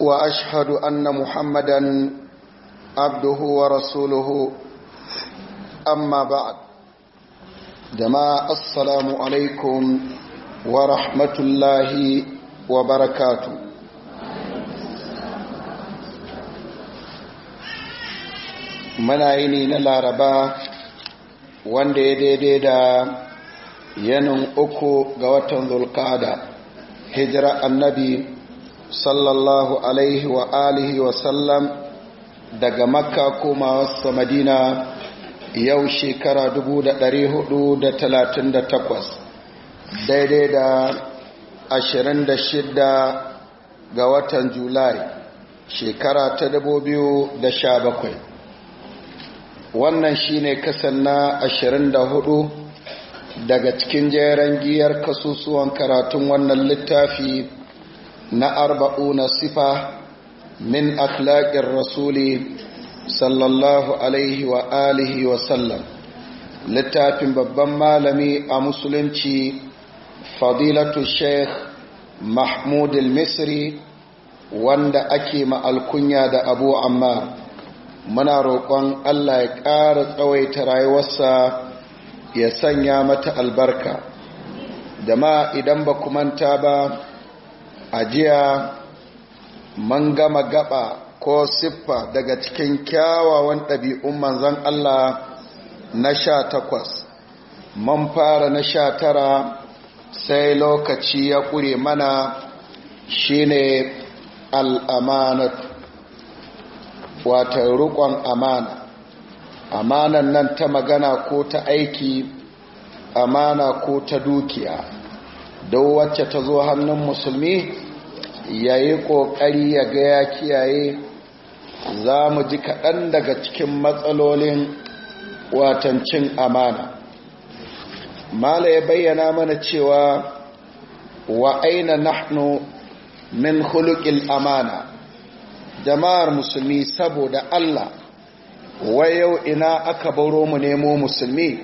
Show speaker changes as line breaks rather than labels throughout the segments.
واشهد ان محمدا عبده ورسوله اما بعد جماعه السلام عليكم ورحمه الله وبركاته manayini na laraba wanda ya daidai da yanin uku ga watan Hijra hijira annabi sallallahu alaihi wa alihi wa sallam daga makka wasu madina yau shekara 438 daidai da 26 ga watan julai shekara ta 2017 wannan ne kasan na 24 daga cikin jeren giyar kasusuwan karatun wannan littafi na arba'una sifa min akhlaƙin rasuli sallallahu alaihi wa alihi wa sallam littafin babban malami a musulunci fadilatu sheikh mahmud al-misri wanda ake alkunya da abu amma muna roƙon allah ya ƙara tsawaita rayuwarsa ya sanya mata albarka da ma idan ba kumanta ba ajiya man gama gaba ko siffa daga cikin kyawawan ɗabi'un manzan Allah na sha takwas man fara na sha tara sai lokaci ya ƙure mana shine al'amanatu wata rukon amana amanan nan ta magana ko ta aiki amana ko ta dukiya da wacce ta zo hannun musulmi ya yi ƙoƙari ya gaya kiyaye za mu ji kaɗan daga cikin matsalolin watancin amana mala ya bayyana mana cewa wa aina nahnu min hulukil amana jama'ar musulmi saboda Allah wayau ina aka baro mu nemo musulmi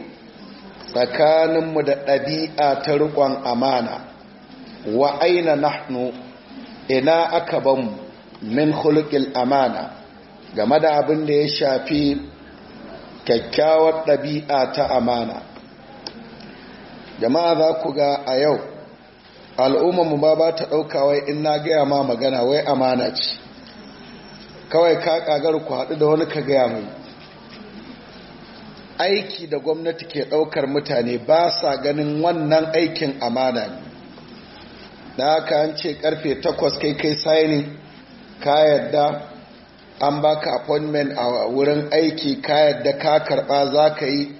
tsakaninmu da ɗabi'a ta riƙon amana wa aina nahnu ina aka ban min hulukil amana game da abin da ya shafi kyakkyawar ɗabi'a ta amana jama'a za ku ga a yau al'ummarmu ba ba ta ɗauka wai in na gaya ma magana wai amana ce kawai ka ƙagar ku haɗu da wani ka gaya mai aiki da gwamnati ke ɗaukar mutane ba sa ganin wannan aikin amana ne da aka an ce karfe 8 kai kai sayani ka yadda an baka appointment a wurin aiki ka yadda ka karba za ka yi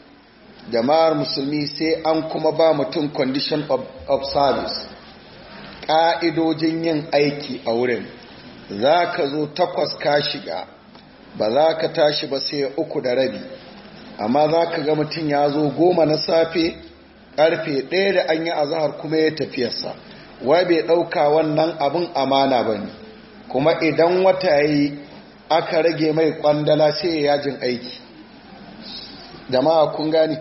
jama'ar musulmi sai an kuma ba mutum condition of, service ƙa'idojin yin aiki a wurin za ka zo takwas ka shiga ba za ka tashi ba sai uku da rabi amma za ka ga mutum ya zo goma na safe karfe ɗaya da an yi azahar kuma ya tafiyarsa wai bai ɗauka wannan abin amana ba ne kuma idan wata yi aka rage mai ƙwandala sai ya jin aiki jama'a kun gani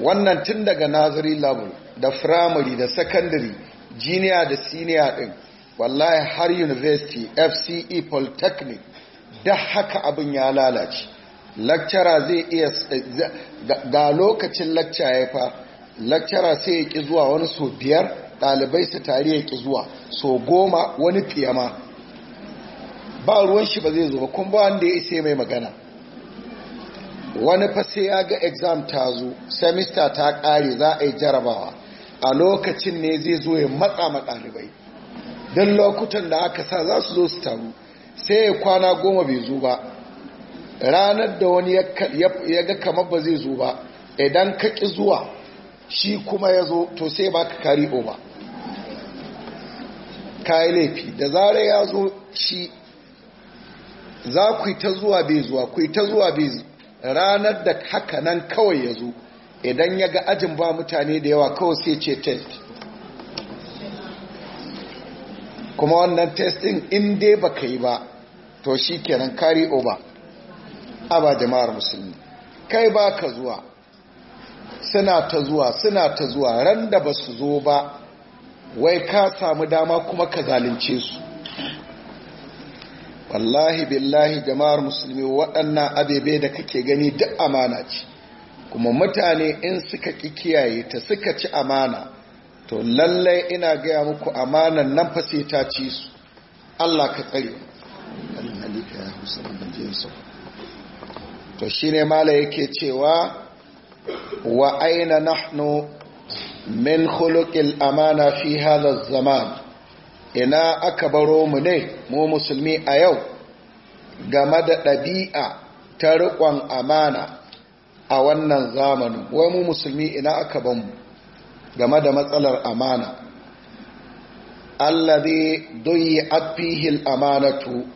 wannan tun daga nazari level da firamare da secondary jiniya da siniya ɗin wallahi har university fce polytechnic da haka abin ya lalace lakcara zai iya eh, ga lokacin lakca ya fa lakcara sai ya ƙi zuwa wani so biyar ɗalibai su tare ya ƙi zuwa so goma wani fiyama ba ruwan shi ba zai zo ba kun ba wanda ya isa mai magana wani fa sai ya ga exam ta zo semester ta ƙare za a yi jarabawa a lokacin ne zai zo ya matsa ma ɗalibai don lokutan da aka sa za su zo su taru sai ya kwana goma bai zo ba ranar da wani ya ga kamar ba zai zo ba idan ka ƙi zuwa shi kuma ya zo to sai ba ka kari o ba kayi laifi da zarar ya zo shi za ku yi ta zuwa bai zuwa ku yi ta zuwa bai zuwa ranar da haka nan kawai ya zo idan ya ga ajin ba mutane da yawa kawai sai ce test kuma wannan testin in dai baka yi ba to shi kenan kari ba aba jama'ar musulmi kai ba ka zuwa suna ta zuwa suna ta zuwa ran da ba su zo ba wai ka samu dama kuma ka zalunce su wallahi billahi jama'ar musulmi waɗannan abebe da kake gani duk amana ce kuma mutane in suka ƙi kiyaye ta suka ci amana to lallai ina gaya muku amanan nan fa ta ci su Allah ka tsare to shi ne mala yake cewa wa aina nahnu min khuluqil amana fi hadha zaman ina aka baro mu ne mu musulmi a yau game da ɗabi'a ta riƙon amana a wannan zamanin wai mu musulmi ina aka ban mu game da matsalar amana allazi duyi afihil amanatu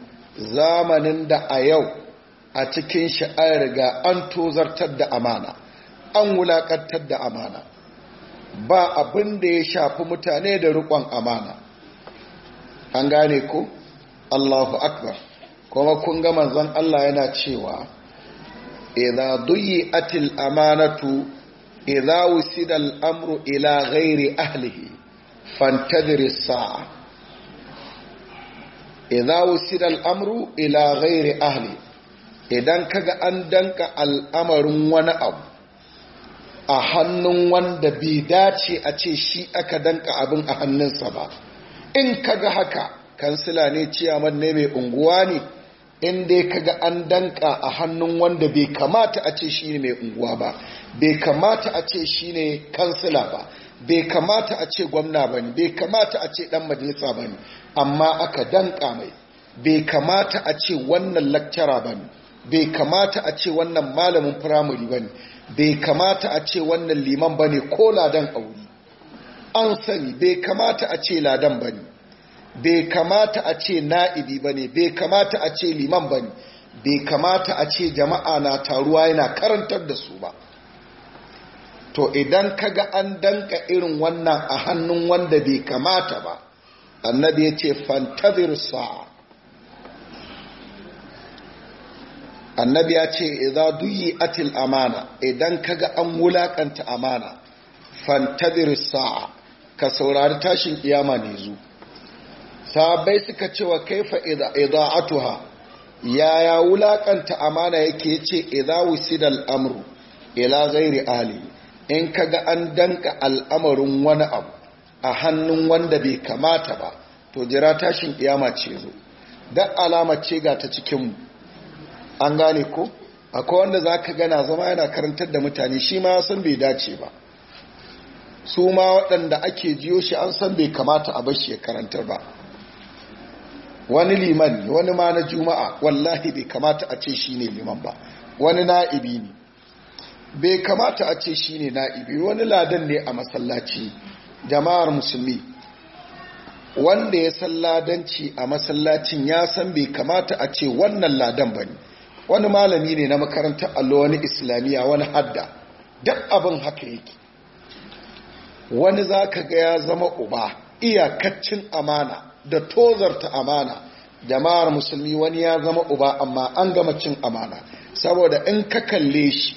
zamanin da a yau a cikin shi an riga an tozartar da amana an wulakantar da amana ba abin da ya shafi mutane da riƙon amana an gane ko allahu akbar kuma kun ga manzon allah yana cewa duyi atil amanatu idza wusida amru ila ghairi ahlihi fantadhir saa idza wusida amru ila ghairi ahlihi idan kaga an danka al'amarin wani abu a hannun wanda bai dace a ce shi aka danka abin a hannunsa ba in kaga haka kansila ne ciyaman ne mai unguwa ne in dai kaga an danka a hannun wanda bai kamata a ce shi ne mai unguwa ba bai kamata a ce shi ne kansila ba bai kamata a ce gwamna ba ne bai kamata a ce dan majalisa ba ne amma aka danka mai bai kamata a ce wannan lakcara ba ne bai kamata a ce wannan malamin firamare ba ne bai kamata a ce wannan liman ba ne ko ladan auri an sani bai kamata a ce ladan ba ne bai kamata a ce na'ibi ba ne bai kamata a ce liman ba ne bai kamata a ce jama'a na taruwa yana karantar da su ba to idan kaga an danka irin wannan a hannun wanda bai kamata ba annabi ya ce fantazir sa'a annabi ya ce idza duyi atil amana idan kaga an wulaƙanta amana fantabir sa'a ka saurari tashin kiyama ne zu sabai suka ce wa kaifa ya yaya wulaƙanta amana yake ce idza wusida al'amru ila ghairi ahli in kaga an danka al'amarin wani abu a hannun wanda bai kamata ba to jira tashin kiyama ce zo dan alama ce ga ta cikin mu an gane ko akwai wanda za ka gana zama yana karantar da mutane shi ma san bai dace ba su ma waɗanda ake jiyo shi an san bai kamata a bashi ya karantar ba wani liman wani ma na juma'a wallahi bai kamata a ce shi ne liman ba wani na'ibi ne bai kamata a ce shi ne na'ibi wani ladan ne a masallaci jama'ar musulmi wanda ya san ladanci a masallacin ya san bai kamata a ce wannan ladan ba ne wani malami ne na makarantar allo wani islamiyya wani hadda duk abin haka yake wani za ka ga ya zama uba iyakacin amana da tozarta amana jama'ar musulmi wani ya zama uba amma an gama cin amana saboda in ka kalle shi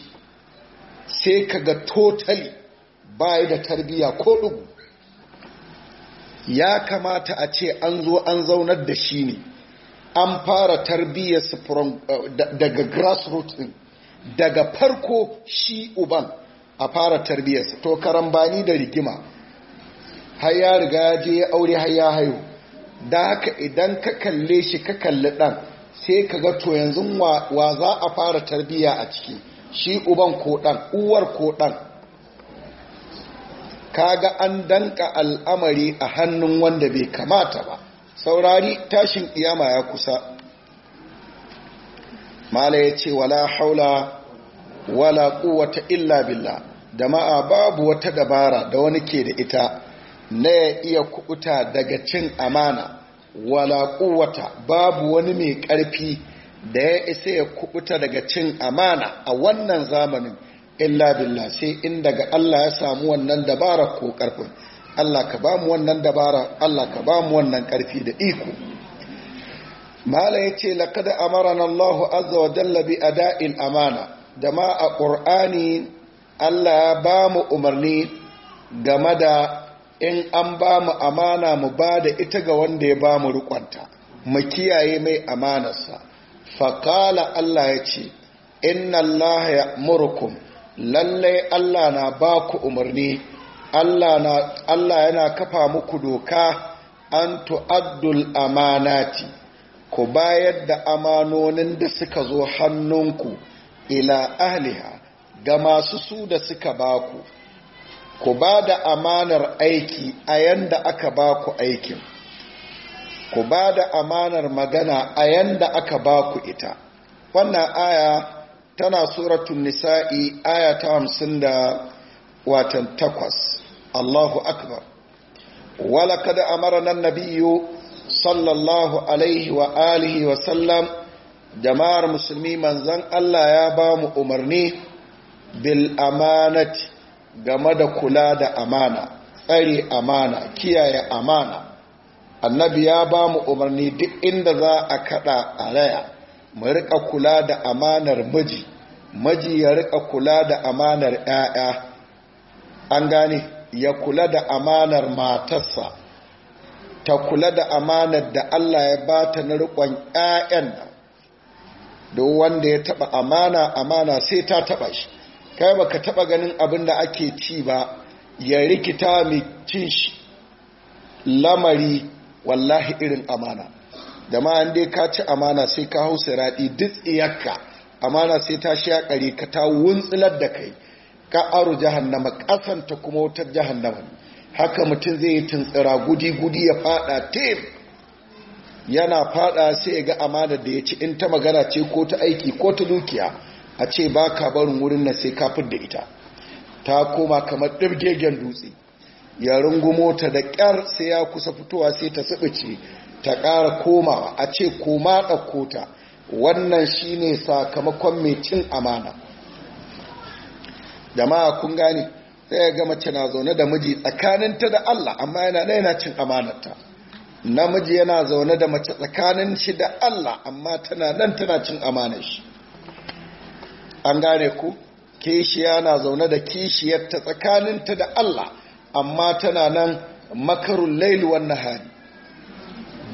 sai ka ga totali bayi da tarbiyya ko ɗugu ya kamata a ce an zo an zaunar da shi ne an fara su uh, daga grassroots din daga farko shi uban a fara tarbiyyarsa to karambani da rigima har ya riga ya je ya aure har ya hayo da haka idan ka kalle shi ka kalli ɗan sai ka ga to yanzu wa za a fara tarbiyya a ciki shi uban ko ɗan uwar ko ɗan kaga an danka al'amari a hannun wanda bai kamata ba saurari tashin iyama ya kusa mala ya ce wala haula wala kuwata illa da jama'a babu wata dabara da wani ke da ita na ya iya kuɓuta daga cin amana wala kuwata babu wani mai ƙarfi da ya isa ya kuɓuta daga cin amana a wannan zamanin illa biLla sai in daga Allah ya samu wannan dabara ko ƙarfin. Allah ka ba mu wannan dabara Allah ka ba mu wannan ƙarfi da iko mala ya ce laƙada amaran Allah azza wa jalla bi ada'il amana da ma a ƙur'ani Allah ya ba mu umarni game da in an ba mu amana mu ba da ita ga wanda ya ba mu rikonta mu kiyaye mai amanarsa faƙala Allah ya ce inna Allah ya murkum lallai Allah na ba ku umarni Allah yana kafa muku doka an tu'addul amanati ku bayar da amanonin da suka zo hannunku ila ahliha ga masu su da suka baku ku ba da amanar aiki a yanda aka baku aikin ku ba da amanar magana a yanda aka baku ita wannan aya tana suratun nisa'i aya ta hamsin da watan takwas Allahu akbar wala kada amarana nabiyyu sallallahu alaihi wa alihi wa sallam jama'ar musulmi manzan Allah ya ba umarni bil game da kula da amana tsare amana kiyaye amana annabi ya bamu umarni duk inda za a kada a raya mu rika kula da amanar miji miji ya riƙa kula da amanar 'ya'ya an gane ya kula da amanar matarsa ta kula da amanar da Allah ya ba ta na rikon 'ya'yan nan don wanda ya taba amana amana sai ta taɓa shi kai baka taɓa ganin abin da ake ci ba ya rikita mai cin shi lamari wallahi irin amana da ma an ka ci amana sai ka hau siraɗi duk iyakka. amana sai ta shi ya ka ta wuntsilar da kai ka'aru jahannama kasanta kuma wutar jahannama haka mutum zai yi tuntsira gudi-gudi ya fada tim yana fada sai ya ga amana da ya ci in ta magana ce ko ta aiki ko ta dukiya a ce ba ka barin wurin nan sai kafin da ita ta koma kamar ɗirgegen dutse ya rungumo ta da ƙyar sai ya kusa fitowa sai ta sibice ta ƙara komawa a ce koma ɗauko ta wannan shine sakamakon mai cin amana jama'a kun gane sai ya mace na zaune da miji tsakaninta da Allah amma yana da yana cin amanarta namiji yana zaune da mace tsakanin shi da Allah amma tana nan tana cin amanar shi an gane ku kishiya na zaune da kishiyarta tsakaninta da Allah amma tana nan makarun laili wan hari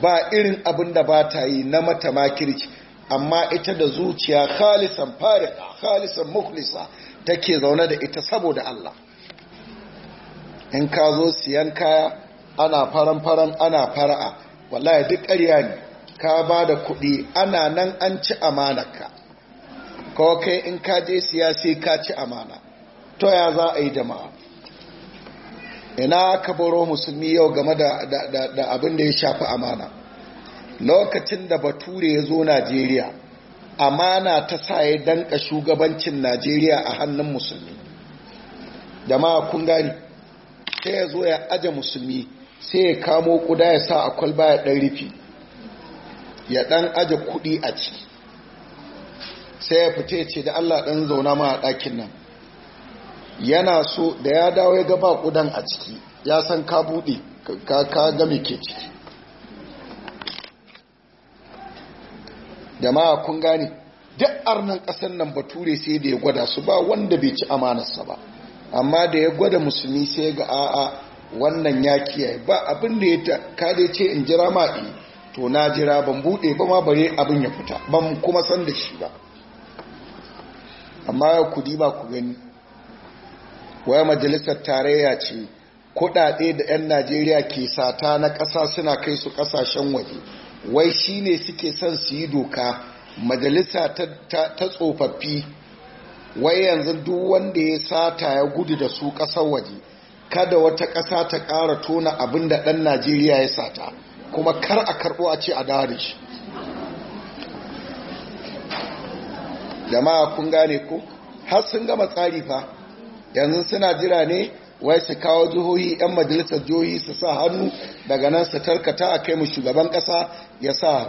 ba irin abin da ba ta yi na mata makirci amma ita da zuciya khalisan Fariqa, khalisan mukhlisa take zaune da ita saboda Allah in ka zo siyan kaya ana faran-faran ana fara'a wallahi duk ƙarya ne ka ba da kuɗi ana nan an ci amanarka ko kai in ka je siyasi ka ci amana to ya za a yi jama'a ina ka baro musulmi yau game da abin da ya shafi amana lokacin da bature ya zo najeriya amana ta sa ya danka shugabancin najeriya a hannun musulmi da ma kun gani sai ya zo ya aje musulmi sai ya kamo kuda ya sa a kwalba ya dan rufi ya dan aje kudi a ciki sai ya fita ya ce da allah dan zauna ma a ɗakin nan yana so da ya dawo ya gaba kudan a ciki ya san ka buɗe ka ga me ke ciki jama'a kun gane duk arnan ƙasar nan bature sai da ya gwada su ba wanda bai ci amanarsa ba amma da ya gwada musulmi sai ga a'a wannan ya kiyaye ba abin da ya kada ce in jira ma ma'i eh, to na jira ban bude ba ma bare abin ya fita ban kuma san da shi ba amma ku diba ku gani waya majalisar tarayya ce kuɗaɗe da 'yan najeriya ke sata na ƙasa suna kai su ƙasashen waje wai shi ne suke son su yi doka majalisa ta tsofaffi wai yanzu duk wanda ya sata ya gudu da su ƙasar waje kada wata ƙasa ta ƙara tona abin da ɗan najeriya ya sata kuma kar a karɓo a ce a dawo shi jama'a kun gane ko har sun gama tsari fa yanzu suna jira ne wai su kawo jihohi 'yan majalisar jihohi su sa hannu daga nan su tarkata a kai mu shugaban kasa ya sa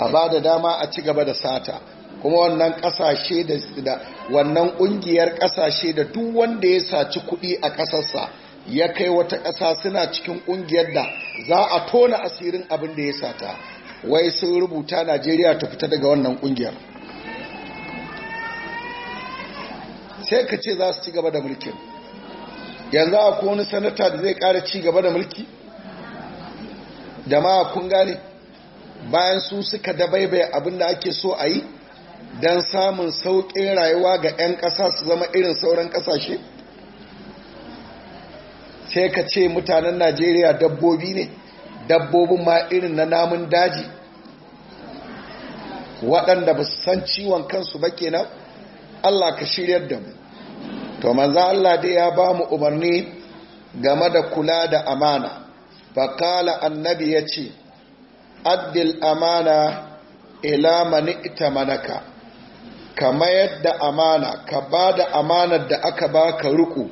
a ba da dama a ci gaba da sata kuma wannan ƙasashe da wannan ƙungiyar ƙasashe da duk wanda ya saci kuɗi a ƙasarsa ya kai wata ƙasa suna cikin ƙungiyar da za a tona asirin abin da ya sata wai sun rubuta najeriya ta fita daga wannan ƙungiyar sai ka ce za su ci gaba da mulkin yanzu a wani sanata da zai kara ci gaba da mulki da ma kun gane bayan su suka dabaibaya abin da ake so a yi don samun sauƙin rayuwa ga 'yan ƙasa su zama irin sauran ƙasashe sai ka ce mutanen najeriya dabbobi ne dabbobin ma irin na namun daji waɗanda ba su san ciwon kansu ba kenan allah ka shiryar da mu to maza Allah dai ya ba mu umarni game da kula da amana fakala annabi ya ce addil amana ila man ita manaka ka mayar da amana ka ba da amanar da aka ba ka ruku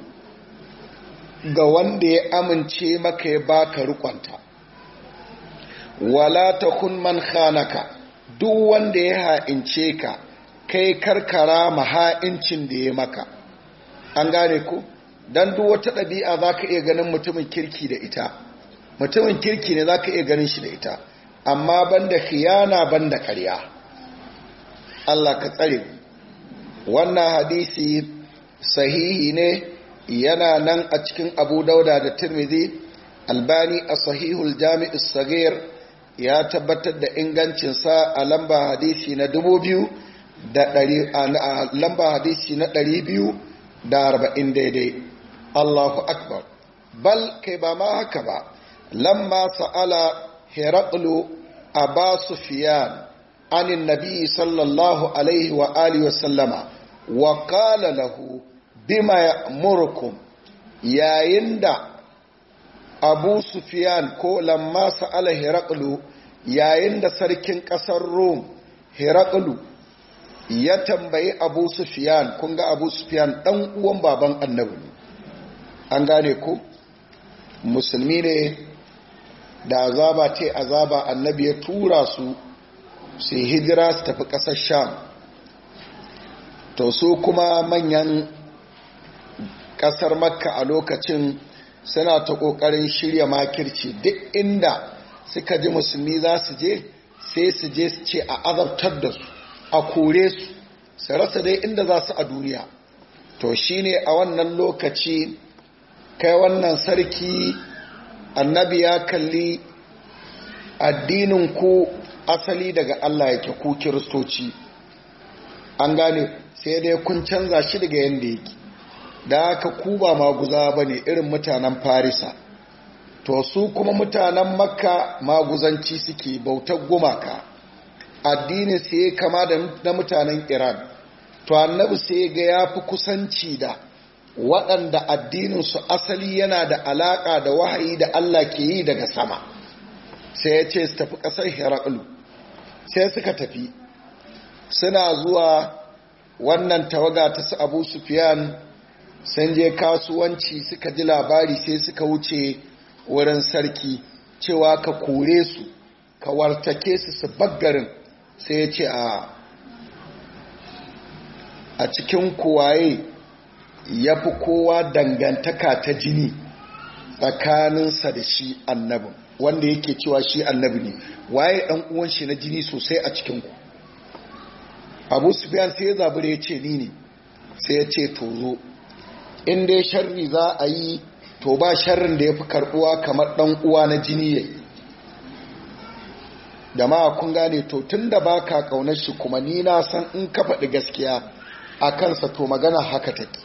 ga wanda ya amince maka ya ba ka rukunta wala ta kun man khanaka duk wanda ya ha'ince ka kai karkara ma ha'incin da ya maka an gane ku don duk wata ɗabi'a za ka iya ganin mutumin kirki da ita mutumin kirki ne za ka iya ganin shi da ita amma banda khiyana banda karya Allah ka tsare wannan hadisi sahihi ne yana nan a cikin abu dauda da turmizi albani a sahihul jami'is sagir ya tabbatar da ingancinsa a lamba hadisi na 2000 da lamba hadisi na 200 da arba'in daidai allahu akbar bal kai ba ma haka ba lamma sa'ala heraklu a ba su fiyan anin nabi sallallahu alaihi wa alihi wa sallama wa kala lahu bima ya murkum yayin da abu sufiyan ko lamma sa'ala heraklu yayin da sarkin ƙasar rom heraklu ya tambayi abu sufiyan kun ga abu sufiyan ɗan uwan baban annabi an gane ku musulmi ne da azaba ce azaba annabi ya tura su su hijira su tafi ƙasar sham to su kuma manyan ƙasar makka a lokacin suna ta ƙoƙarin shirya makirci duk inda suka ji musulmi za su je sai su je su ce a azabtar da su a kore su su rasa dai inda za su a duniya to shi ne a wannan lokaci kai wannan sarki annabi ya kalli addinin ku asali daga Allah yake ku kiristoci an gane sai dai kun canza shi daga yadda yake da aka Kuba ba maguza ba ne irin mutanen farisa to su kuma mutanen makka maguzanci suke bautar gumaka Addini sai ya kama da na mutanen iran to annabi sai ga ya fi kusanci da waɗanda addinin su asali yana da alaƙa da wahayi da allah ke yi daga sama sai ya ce su tafi ƙasar heraklu sai suka tafi suna zuwa wannan tawaga ta su abu sufiyan sun je kasuwanci suka ji labari sai suka wuce wurin sarki cewa ka kore su ka wartake su su baggarin sai ya ce a a cikin kowaye ya fi kowa dangantaka ta jini tsakaninsa da shi annabin wanda yake cewa shi annabi ne waye ɗan uwan shi na jini sosai a cikin ku? abu biyan sai ya ya ce ni ne sai ya ce to zo in dai sharri za a yi to ba sharrin da ya fi karɓuwa kamar ɗan uwa na jini yayi jama'a kun gane to tun da ba ka ƙaunar shi kuma ni na san in ka faɗi gaskiya a kansa to magana haka take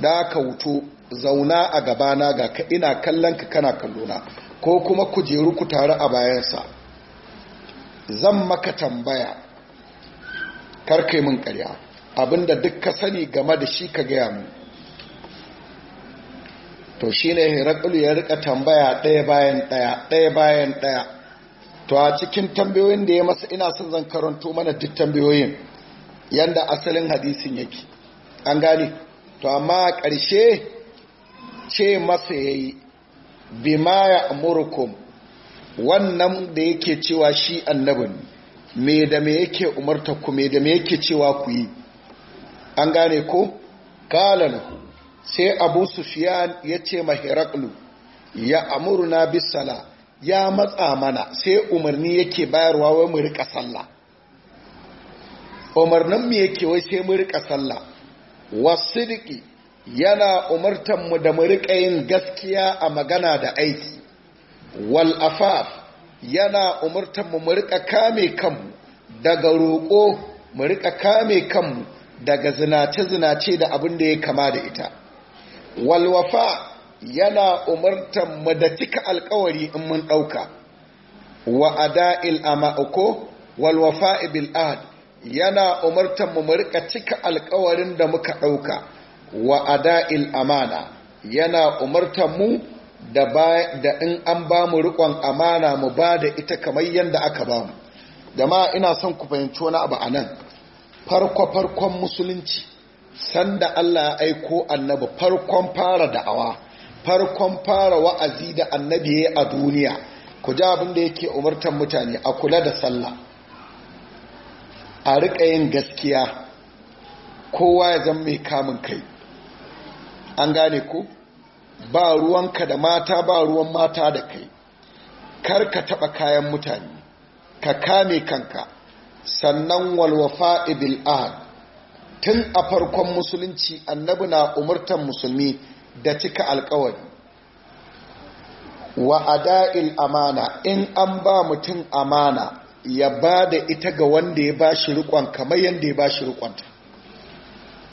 da ka wuto zauna a gabana ga ka ina kallon ka kana kallona ko kuma kujeru ku tare a bayansa zan maka tambaya kar kai min karya abinda duk ka sani game da shi ka gaya mu to shine ne ya rika tambaya ɗaya bayan ɗaya ɗaya bayan ɗaya to a cikin tambayoyin da ya masa ina son zan karanto mana duk tambayoyin yanda asalin hadisin yake an gane to amma a ƙarshe ce masa ya yi bima ya amurkum wannan da yake cewa shi annabin me da me yake umarta ku me da me yake cewa ku yi an gane ko kalan sai abu sufyan ya ce mahiraklu. ya amurna bisala ya matsa mana sai umarni yake bayarwa wai mu rika sallah umarnin mu yake wai sai mu rika sallah wasidiki yana umartan mu da mu rika yin gaskiya a magana da aiki wal afaf yana umartan mu mu rika kame kanmu daga roƙo mu rika kame kanmu daga zinace zinace da abin da ya kama da ita wal wafa yana umartan mu da cika alkawari in mun ɗauka wa ada'il amako wal wafa'i bil ahd yana umartan mu mu rika cika alkawarin da muka ɗauka wa ada'il amana yana umartan mu da in an ba mu rikon amana mu bada ita kamar yadda aka ba mu dama ina son ku fahimci wani abu a nan farko-farkon musulunci sanda Allah ya aiko annabi farkon fara da'awa farkon fara wa'azi da annabi ya a duniya ku ji abin da yake umartan mutane a kula da sallah a riƙa yin gaskiya kowa ya zama mai kamun kai an gane ku ba ruwanka da mata ba ruwan mata da kai kar ka taɓa kayan mutane ka kame kanka sannan walwafa ibil ahad tun a farkon musulunci annabi na umartan musulmi da cika alkawari wa ada'il amana in an ba mutum amana ya ba da ita ga wanda ya ba shi rikon kamar yadda ya ba shi rikonta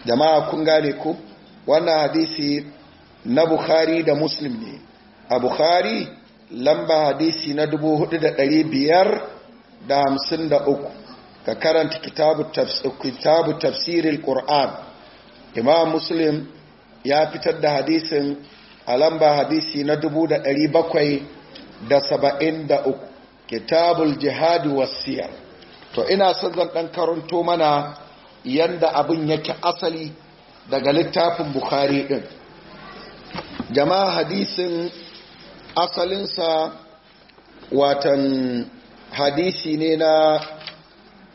jama'a kun gane ku. wannan hadisi na bukhari da muslim ne a bukhari lamba hadisi na 4553 ka karanta kitabu tafsirin Kur'an, imam muslim ya fitar da hadisin a lamba hadisi na dubu da saba'in 773 kitabul jihadi wasiyar to ina son zan dan karanto mana yanda abin yake asali daga littafin bukhari ɗin. jama'a hadisin asalinsa watan hadisi ne na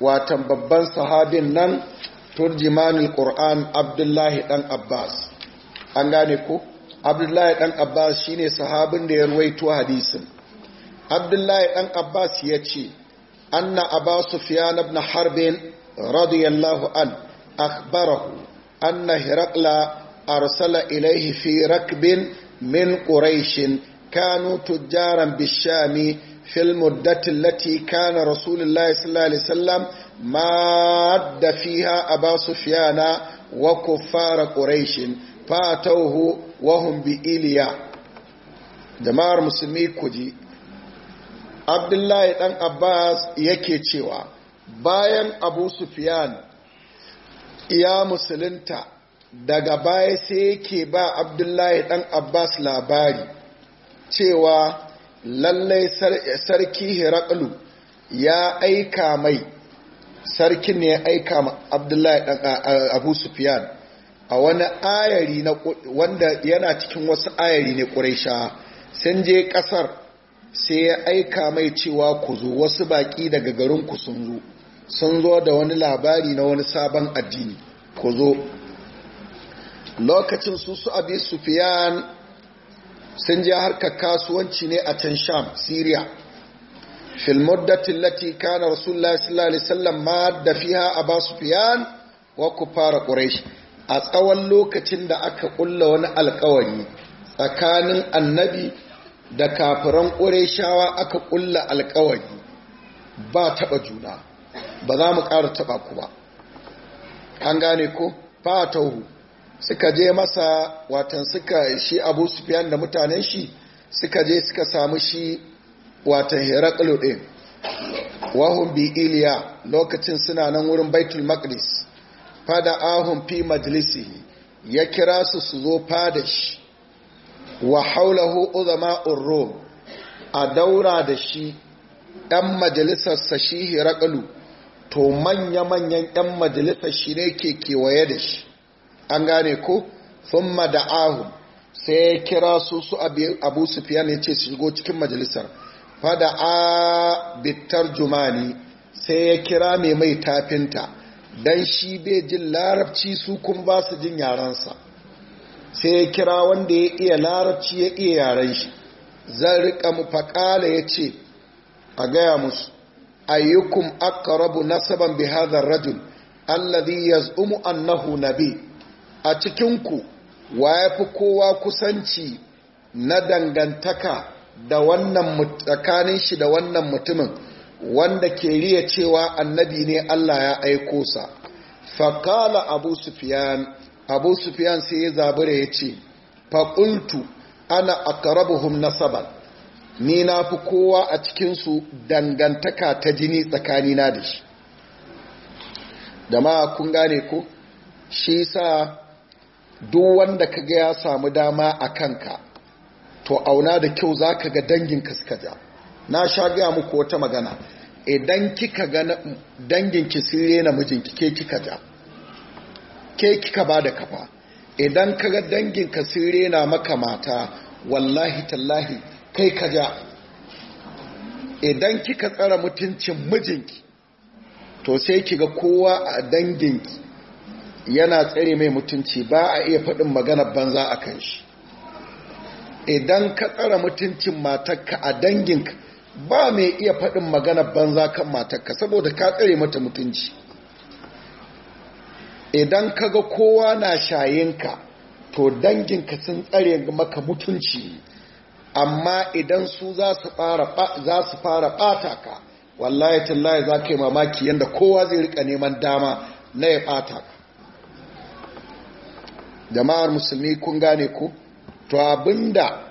watan babban sahabin nan turjimanin ƙur'an abdullahi ɗan abbas an gane ko abdullahi dan abbas shine sahabin da ya ruwaito hadisin abdullahi dan abbas ya ce anna aba sufyan ibn harbin radiyallahu an akhbarahu anna hirakla arsala ilaihi fi rakbin min quraishin kanu tujjaran bishami في المدة التي كان رسول الله صلى الله عليه وسلم ماد فيها أبا سفيان وكفار قريش fatauhu wahum bi iliya jama'ar musulmi kuji abdullahi dan abbas yake cewa bayan abu sufiyan ya musulunta daga baya sai yake ba abdullahi dan abbas labari cewa lallai sarki hiraklu ya aika mai Sarki ne ya aika ma abdullahi abu sufiyan a wani ayari na wanda yana cikin wasu ayari ne ƙuraisha sun je ƙasar sai ya aika mai cewa ku zo wasu baƙi daga garin ku sun zo sun zo da wani labari na wani sabon addini ku zo lokacin su su abi sufiyan sun je harkar kasuwanci ne a can sham syria filmuddatin lati kana rasulullah sallallahu alaihi wasallam ma da fiha abu sufiyan wa ku fara ƙuraishi a tsawon lokacin da aka kulla wani alkawari tsakanin annabi da kafiran ƙureshawa aka kulla alkawari ba taɓa juna ba za mu ƙara taba ku ba an gane ko fatahu suka je masa watan suka shi abu sufiyan da mutanen shi suka je suka samu shi watan heraklu ɗin wahun bi iliya lokacin suna nan wurin baitul maqdis fada ahun fi majalisihi ya kira su su zo fada shi wa haulahu uzama rom a daura da shi ɗan majalisarsa shi hirakalu to manya-manyan ɗan majalisar shi ne ke kewaye da shi an gane ko sun da ahun sai ya kira su su abu sufiyan ya ce su shigo cikin majalisar fada a jumani sai ya kira mai mai tafinta don shi bai jin larabci su kun ba su jin yarensa sai ya kira wanda ya iya larabci ya iya yaren shi zan riƙa mu faƙala ya ce a gaya musu ayyukum aqrabu nasaban bi hadha ar-rajul alladhi yaz'umu annahu nabi a cikinku, wa ya fi kowa kusanci na dangantaka tsakanin shi da wannan mutumin wanda ke riya cewa annabi ne Allah ya aiko sa fakala abu Sufyan abu sufyan sai ya zabura ya ce faƙultu ana aqrabuhum nasaban ni na fi kowa a cikin su dangantaka ta jini tsakani na da shi ma kun gane ko shi sa duk wanda kaga ya samu dama a kanka to auna da kyau zaka ga danginka suka ja na sha gaya muku wata magana idan kika ga danginki sun rena mijinki ke kika ja ke kika ba da kafa idan ka ga danginka sun rena maka mata wallahi tallahi kai ka ja idan kika tsara mutuncin mijinki to sai kiga kowa a danginki yana tsare mai mutunci ba a iya faɗin magana banza a kan shi idan ka tsara mutuncin matakka a danginka ba mai iya faɗin magana banza kan matarka saboda ka tsare mata mutunci idan ka ga kowa na shayinka to danginka sun tsare maka mutunci amma idan su za su fara ɓata ka wallahi tallahi za ka yi mamaki yadda kowa zai rika neman dama na ya ɓata ka jama'ar musulmi kun gane ku to abinda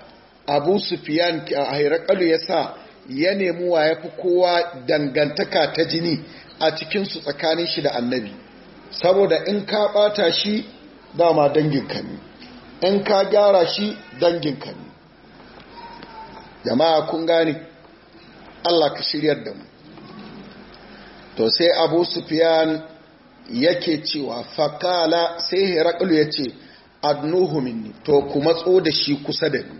abu sufiyan a Kalu ya sa ya nemi wa ya fi kowa dangantaka ta jini a cikinsu tsakanin shi da annabi saboda in ka bata shi dama danginka ne in ka gyara shi danginka ne jama'a kun gane allah ka shiryar da mu to sai abu sufiyan yake cewa fakala sai heraklu ya ce adnuhu minni to ku matso da shi kusa da ni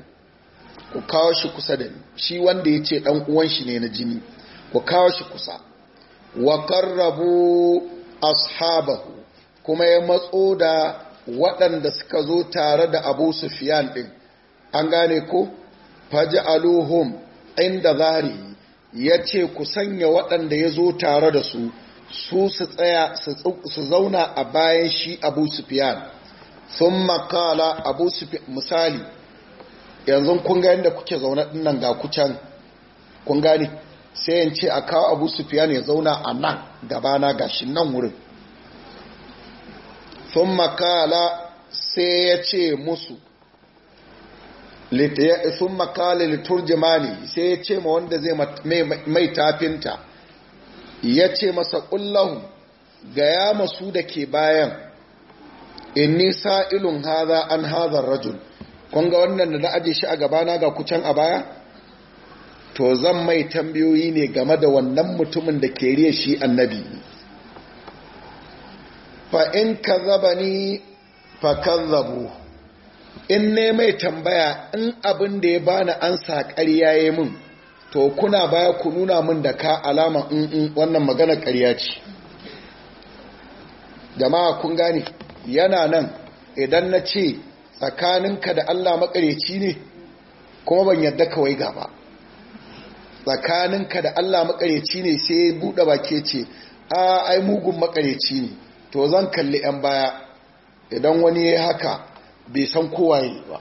ku kawo shi kusa da ni shi wanda ya ce ɗan uwan shi ne na jini ku kawo shi kusa wa karrabu ashabahu kuma ya matso da waɗanda suka zo tare da abu sufiyan ɗin an gane ko faji aluhum inda zari ya ce ku sanya waɗanda ya zo tare da su su su tsaya su zauna a bayan shi abu sufiyan sun makala abu sufiyan misali yanzu kun ga yadda kuke zaune nan ga kucan kun gane sai yin ce a kawo abu sufiyan ya zauna a nan gabana gashi nan wurin sun makala sai ya ce musu sun makala liturjimani sai ya ce ma wanda zai mai tafinta ya ce masa ƙullahu gaya masu da ke bayan in nisa ilun haza an hazar rajul kunga wannan da na aje shi a gabana ga kucan a baya to zan mai tambayoyi ne game da wannan mutumin da ke riya shi annabi fa in ni fa kazzabu in ne mai tambaya in abin da ya bani ansa ya yayi min to kuna baya ku nuna min da ka alama in wannan magana ƙarya ce jama'a kun gane yana nan idan na ce tsakaninka da Allah makareci ne kuma ban yadda kawai gaba tsakaninka da Allah makareci ne sai buɗe bake ce a ai mugun makareci ne to zan kalli 'yan baya idan wani ya haka bai san kowa yi ba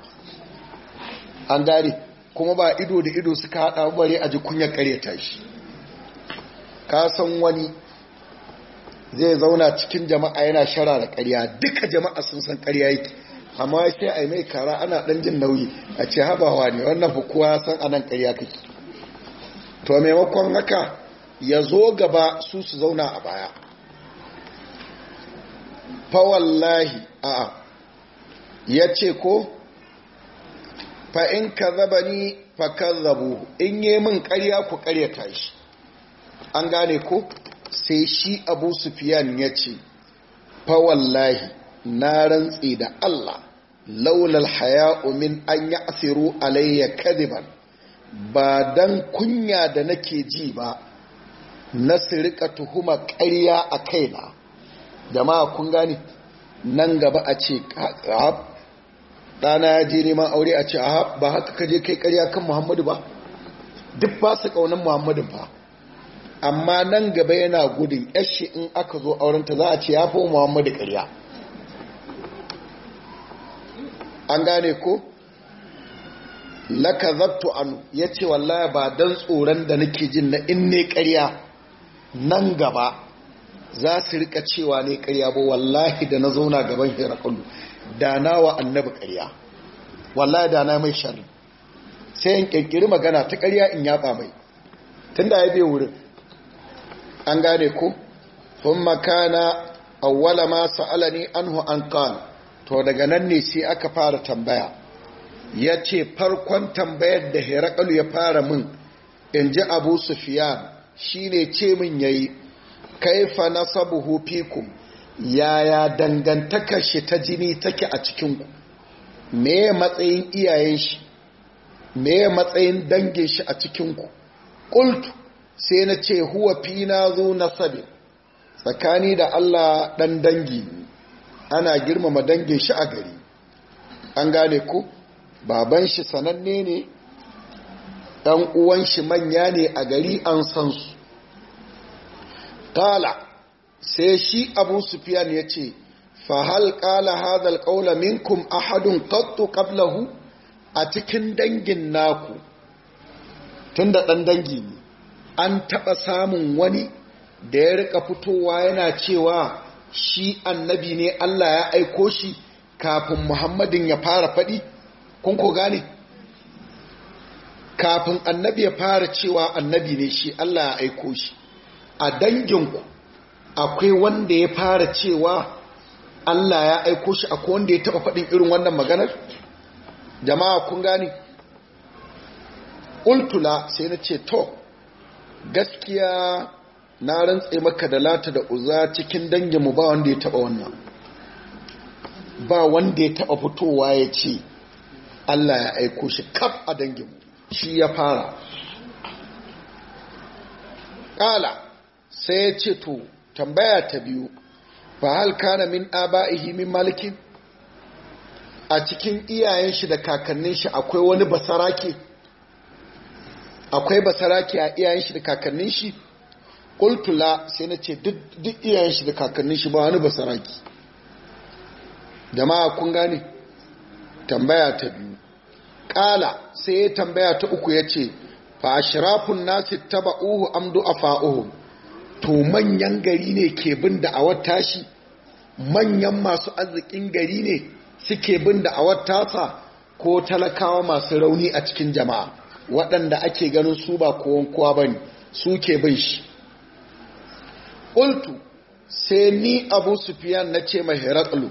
an dare kuma ba ido da ido suka haɗa bare a ji ya ƙareta shi ka san wani zai zauna cikin jama'a yana shara da ƙarya duka jama'a sun san ƙarya yake amma sai a yi mai kara ana ɗan jin nauyi a ce habawa ne wannan hukuwa san anan ƙarya kake to maimakon haka ya zo gaba su su zauna a baya Fa wallahi! a ya ce ko Fa in ka zaba ni fa kan zabu in yi min karya ku ta shi an gane ko sai shi abu sufiyan ya ce Fa wallahi! na rantse da Allah laulal haya'u min an yi asiru alayya kadiban ba dan kunya da nake ji ba na sirika tuhuma ƙarya a kaina jama'a kun gani nan gaba a ce ahab ɗana ya je neman aure a ce ahab ba haka kaje kai ƙarya kan muhammadu ba duk ba su ƙaunar muhammadu ba amma nan gaba yana gudun yashi in aka zo aurenta za a ce ya fi muhammadu ƙarya an gane ko laka zabtu an ya ce wallaya ba don tsoron da nake jin na in ne karya nan gaba za su rika cewa ne karya ba wallahi da na zauna gaban hirakulu da na wa annabi karya wallahi da na mai shari sai in kirkiri magana ta karya in yaba mai tun da ya biya wurin an gane ko sun makana awwala ma sa'alani anhu an kana to daga nan ne sai aka fara tambaya ya ce farkon tambayar da herakalu ya fara min in ji abu sufiyan shi ne ce min ya yi kaifa na sabuhu fikum yaya dangantakar shi ta jini take a cikinku me matsayin iyayen shi me matsayin dangin shi a cikinku ƙultu sai na ce huwa fi na zo na sabi tsakani da allah ɗan dangi ana girmama dangin shi a gari an gane ku baban shi sananne ne ɗan uwan shi manya ne a gari an san su Tala sai shi abu sufiyan ya ce fahal hadha al qawla minkum ahadun qattu qablahu a cikin dangin naku tunda ɗan dangi ne an taɓa samun wani da ya rika fitowa yana cewa shi annabi ne Allah ya aiko shi kafin muhammadin ya fara faɗi kun ko gane kafin annabi ya fara cewa annabi ne shi Allah ya aiko shi a danginku akwai wanda ya fara cewa Allah ya aiko shi akwai wanda ya taɓa faɗin irin wannan maganar jama'a kun gane ultula sai na ce to gaskiya na rantse maka da lata da uza cikin danginmu ba wanda ya taba wannan ba wanda ya taba fitowa ya ce Allah ya aiko shi kaf a danginmu shi ya fara ƙala sai ya ce to tambaya ta biyu ba halka na min aba'ihi min malikin a cikin iyayen shi da kakannin shi akwai wani basarake akwai basarake a iyayen shi da kakannin shi ƙultula sai na ce duk iyayen shi da kakannin shi ba wani Da jama'a kun gane tambaya ta biyu ƙala sai ya tambaya ta uku ya ce fa shirafin nasi taba uhu amdu a fa'uhu to manyan gari ne ke bin da awar tashi manyan masu arzikin gari ne suke bin da awar tasa ko talakawa masu rauni a cikin jama'a waɗanda ake ganin su ba kowan kowa ba ne su ke bin shi ƙultu sai ni abu sufiyan na ce mai heraklu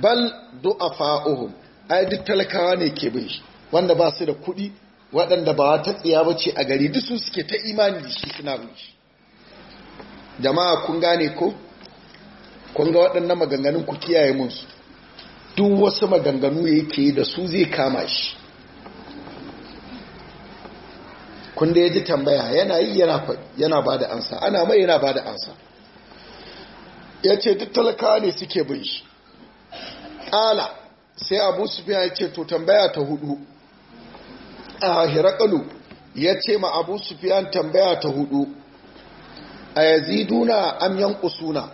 bal du'a uhum ai duk talakawa ne ke bin shi wanda ba su da kuɗi waɗanda ba ta tsiya ba ce a gari duk sun suke ta imani da shi suna bin shi jama'a kun gane ko kun ga waɗannan maganganun ku kiyaye mun su duk wasu maganganu yake da su zai kama shi kun da ya ji tambaya yana yi yana ba da ansa ana mai yana ba da ansa ya ce duk talakawa ne suke bin shi ƙala sai abu sufiyan ya ce to tambaya ta hudu a ya ce ma abu sufiyan tambaya ta hudu a yaziduna amyan suna,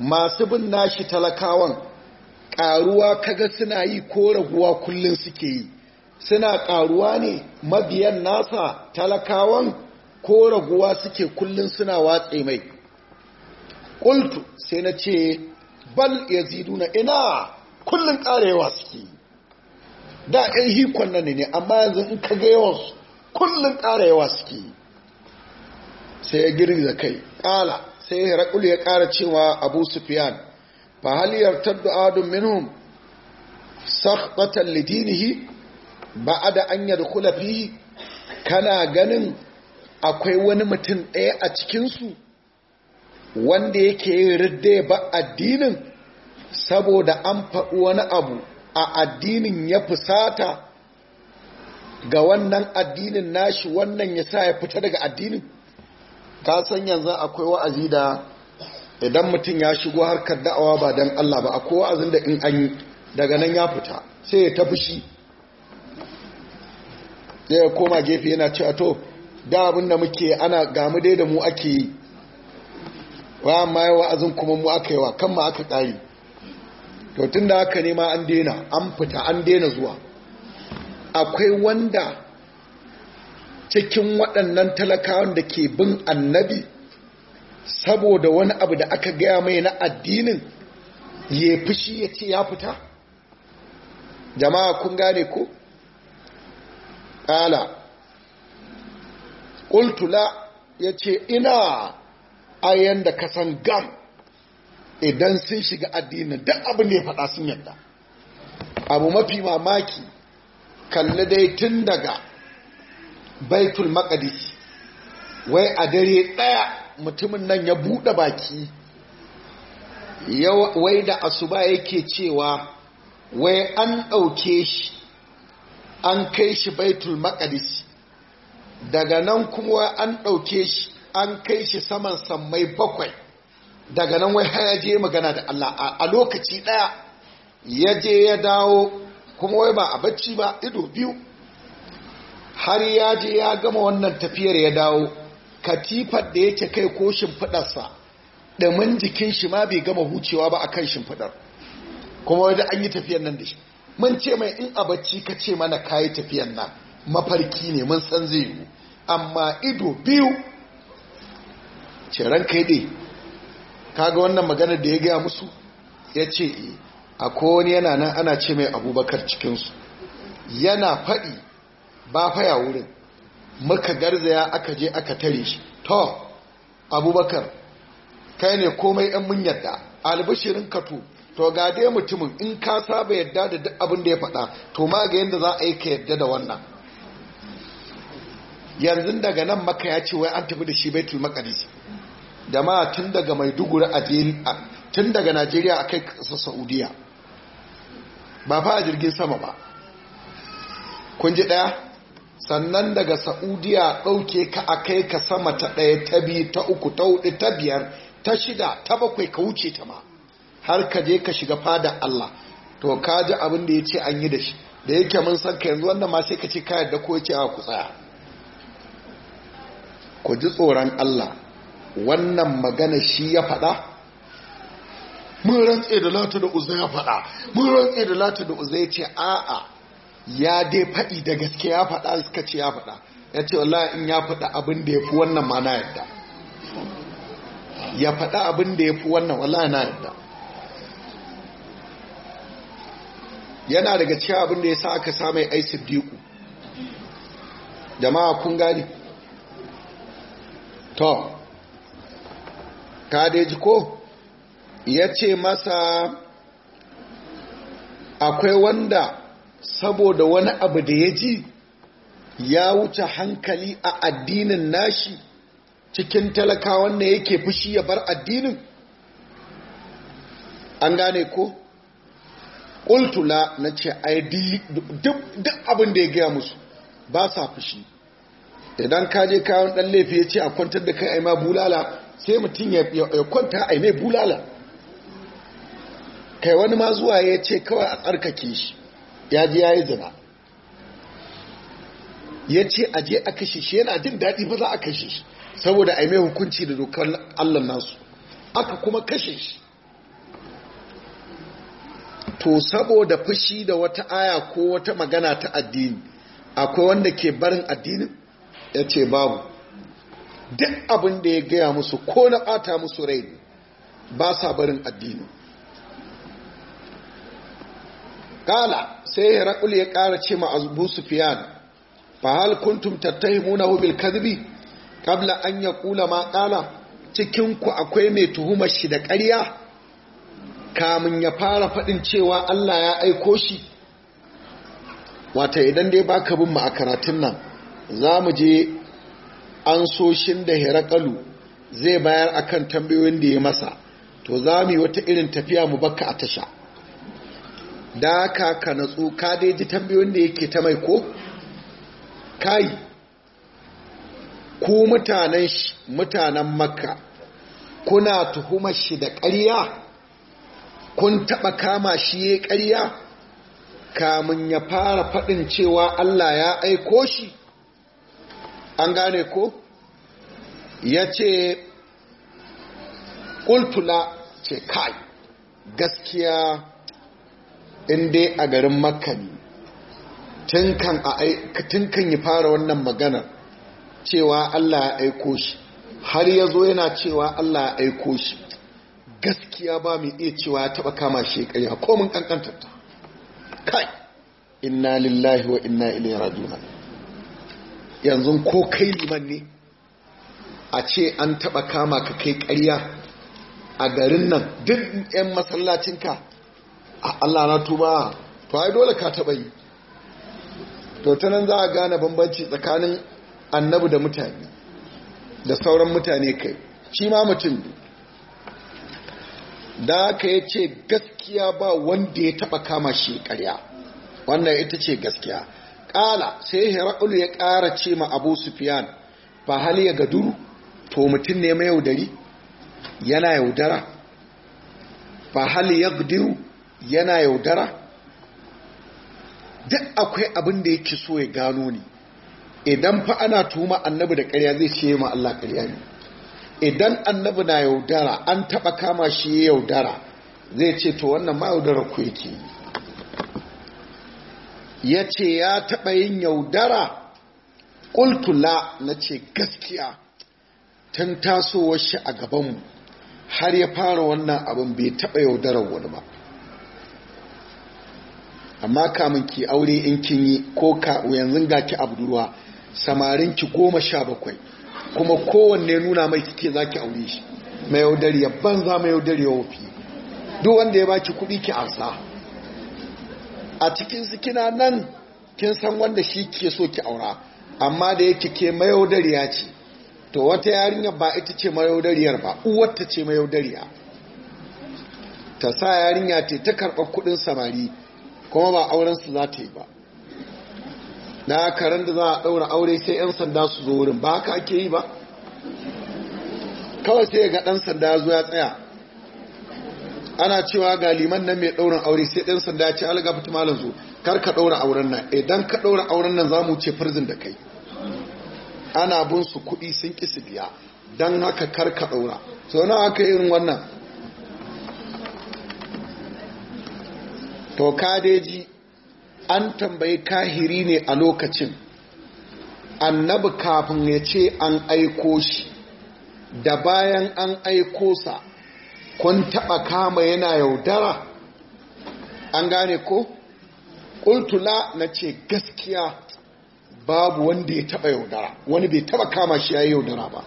masu bin nashi talakawan ƙaruwa kaga suna yi ko raguwa kullum suke yi suna karuwa ne mabiyan nasa talakawan ko raguwa suke kullun suna watse mai ƙultu sai na ce bal ya na ina kullun ƙarewa suke da ɗan hikon nan ne amma yanzu in ka ga yawansu kullun ƙarewa suke sai ya girgiza kai ƙala sai herakul ya ƙara cewa abu sufiyan fa hal yartaddu adun minhum sakhbatan lidinihi ba a da an kula fi kana ganin akwai wani mutum ɗaya a cikinsu wanda yake yin ridde ba addinin saboda an faɗi wani abu a addinin ya fusata ga wannan addinin nashi wannan ya sa ya fita daga addinin ka san yanzu akwai wa'azi da idan mutum ya shigo harkar da'awa ba don Allah ba akwai wa'azin da in an yi daga nan ya fita sai ya tafi shi ya koma gefe yana ci a to da abin da muke ana gamu dai da mu ake yi wa amma yawa azin kuma mu aka yawa kan ma aka ƙari to tun da haka ne ma an daina an fita an daina zuwa akwai wanda cikin waɗannan talakawan da ke bin annabi saboda wani abu da aka gaya mai na addinin ya fushi ya ce ya fita jama'a kun gane ko ƙala ƙultula ya ce ina ayan da kasan gam idan sun shiga addinin don abu ne ya faɗa sun yadda abu mafi mamaki kalli dai tun daga baitul makadis wai a dare ɗaya mutumin nan ya buɗe baki wai da asuba yake cewa wai an ɗauke shi an kai shi baitul maqdis daga nan kuma an ɗauke shi an kai shi saman sammai bakwai daga nan wai haya je magana da Allah a lokaci ɗaya ya je ya dawo kuma wai ba a bacci ba ido biyu har ya je ya gama wannan tafiyar ya dawo katifar da yake kai ko shimfiɗarsa ɗamin jikin shi ma bai gama hucewa ba a kan shimfiɗar kuma wadda an yi tafiyar nan da shi mun ce mai in a bacci ka ce mana kayi tafiyan na. mafarki ne mun san zai yiwu amma ido biyu ciran kai dai kaga wannan magana da ya gaya musu ya ce e, a kowani yana nan ana ce mai abubakar cikinsu yana faɗi ba faya wurin muka garzaya aka je aka tare shi to abubakar kai ne komai yan mun yadda albashirin ka to to ga dai mutumin in ka saba yadda da duk abin da ya faɗa to ma ga yadda za a yi ka yadda da wannan yanzu daga nan maka ya ce wai an tafi da shi baitul maqdis ma tun daga maiduguri a tun daga najeriya a kai ƙasar saudiya ba fa a jirgin sama ba kun ji ɗaya sannan daga saudiya ɗauke ka a kai ka sama ta ɗaya ta biyu ta uku ta hudu ta biyar ta shida ta bakwai ka wuce ta ma har ka je ka shiga fada Allah to ka ji abin da ya ce an yi da shi da yake mun san ka yanzu wannan ma sai ka ce ka yarda ko ya ce a ku tsaya ku ji tsoron Allah wannan magana shi ya faɗa mun rantse da lati da uzai ya faɗa mun rantse da lati da uzai ya ce a'a ya dai faɗi da gaske ya faɗa suka ce ya faɗa ya ce wallahi in ya faɗa abin da ya fi wannan ma na yadda ya faɗa abin da ya fi wannan wallahi na yadda yana daga cikin abin da ya sa aka samai ai siddiqu jama'a kun gani to kadeji ko ya ce masa akwai wanda saboda wani abu da ya ji ya wuce hankali a addinin nashi cikin talakawan da yake fushi ya bar addinin an gane ko ƙultula na ce ai duk abin da ya gaya musu ba sa fushi idan kaje kayan ɗan laifi ya ce a kwantar da kai ai ma bulala sai mutum ya kwanta a mai bulala kai wani ma zuwa ya ce kawai a tsarkake shi ya ji ya yi zina ya ce a je a kashe shi yana jin daɗi ba za a kashe shi saboda a mai hukunci da dokar allah nasu aka kuma kashe shi to saboda fushi da wata aya ko wata magana ta addini akwai wanda ke barin addini, ya ce babu duk abin da ya gaya musu ko na bata musu rai ba sa barin addini. kala sai raƙul ya ƙara ce ma abu sufiyan fa hal kuntum na hubil kadhibi Kabla an ya kula ma kala, cikinku akwai mai tuhumar shi da ƙarya kamun ya fara faɗin cewa Allah ya aiko shi wata idan dai baka bin mu a karatun nan za mu je an soshin da herakalu zai bayar akan tambayoyin da ya masa to za mu yi wata irin tafiya mu baka a tasha da ka ka natsu ka dai ji tambayoyin da yake ta mai ko kai ku mutanen makka kuna tuhumar shi da ƙarya kun taɓa kama shi ya ƙarya kamun ya fara faɗin cewa Allah ya aiko shi an gane ko ya ce ƙultula ce kai gaskiya inda a garin makani tun kan yi fara wannan magana cewa Allah ya aiko shi har ya zo yana cewa Allah ya aiko shi gaskiya ba mai iya cewa ya taba kama shi a komin kankantar kai inna lillahi wa inna ilaihi rajiun yanzu ko kai liman ne a ce an taba kama ka kai ƙarya a garin nan duk yan masallacinka Allah na tuba to ai dole ka taba yi to ta nan za a gane bambanci tsakanin annabi da mutane da sauran mutane kai shi ma mutum ne da aka ya ce gaskiya ba wanda ya taba kama shi karya wannan ita ce gaskiya ƙala sai hira'ul ya ƙara ce ma abu sufiyan ba hali ya gaduru to mutum ne mai yaudari yana yaudara ba hali ya gudu yana yaudara duk akwai abin da yake so ya gano ne idan fa ana tuma annabi da karya zai ce ma Allah karya ne idan annabi na yaudara an taba kama shi ya yaudara zai ce to wannan ma yaudara ku yake ya ce ya taba yin yaudara ƙultula na ce gaskiya tun tasowar shi a gabanmu har ya fara wannan abin bai taba yaudarar wani ba amma kamun ki aure in kin yi ko ka yanzu ga ki abdurwa samarin ki goma sha bakwai kuma kowanne nuna mai kike zaki aure shi mai yaudari ya banza mai yaudari ya wofi duk wanda ya baki kuɗi ki asa a cikin kina nan kin san wanda shi ke so ki aura amma da yake ke mai yaudari ya ce to wata yarinya ba ita ce mai yaudariyar ba uwarta ce mai yaudariya ta sa yarinya ce ta karɓar kuɗin samari kuma ba auren su za ta yi ba na karen da za a ɗaura aure sai 'yan sanda su zo wurin ba ka ake yi ba kawai sai ga ɗan sanda zo ya tsaya ana cewa ga liman nan mai ɗaurin aure sai ɗan sanda ya ce alga fi malam zo kar ka ɗaura auren nan idan ka ɗaura auren nan za mu ce firzin da kai ana bin su kuɗi sun ƙi su biya don haka kar ka ɗaura so na aka irin wannan to kadeji an tambayi kahiri ne a lokacin annabi kafin ya ce an aiko shi da bayan an aiko sa kun taɓa kama yana yaudara an gane ko ƙultula na ce gaskiya babu wanda ya taɓa yaudara wani bai taɓa kama shi ya yi yaudara ba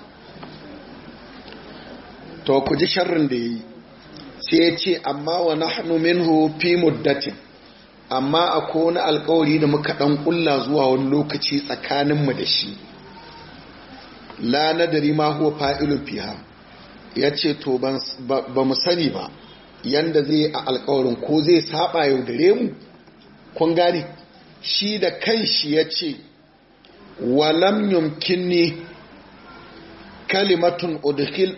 to ku ji sharrin da ya yi sai ya ce amma wa nahnu minhu fi muddatin amma akwai wani alkawari da muka ɗan ƙulla zuwa wani lokaci tsakaninmu da shi la nadari ma huwa fa'ilun fiha ya ce to ba mu sani ba yanda zai a alkawarin ko zai saba yaudare mu kun gane shi da kanshi ya ce walam yumkinni kalimatun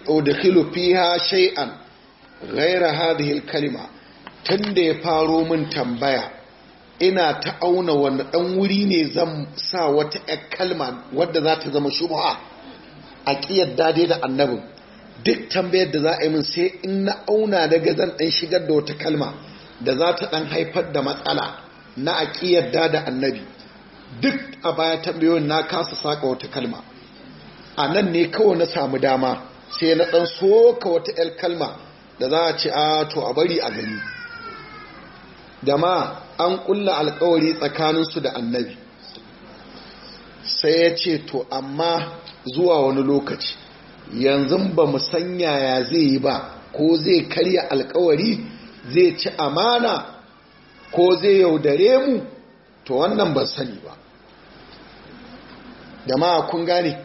udkhilu fiha shay'an ghayra hadhihi kalima tunda ya faro min tambaya ina ta auna wanda ɗan wuri ne zan sa wata ‘yar kalma wadda za ta zama shubuha a ƙiyar dade da annabin duk tambayar da za a yi min sai in na auna daga zan ɗan shigar da wata kalma da za ta ɗan haifar da matsala na a ƙiyar da annabi duk a baya tambayoyin na kasa saƙa wata kalma a nan ne kawai na samu dama sai na ɗan soka wata ‘yar kalma da za a ce a ah, to a bari a gani da ma an kulla alkawari tsakaninsu da annabi sai ya ce to amma zuwa wani lokaci yanzu ba mu sanya ya zai yi ba ko zai karya alkawari zai ci amana ko zai yaudare mu to wannan ban sani ba jama'a kun gane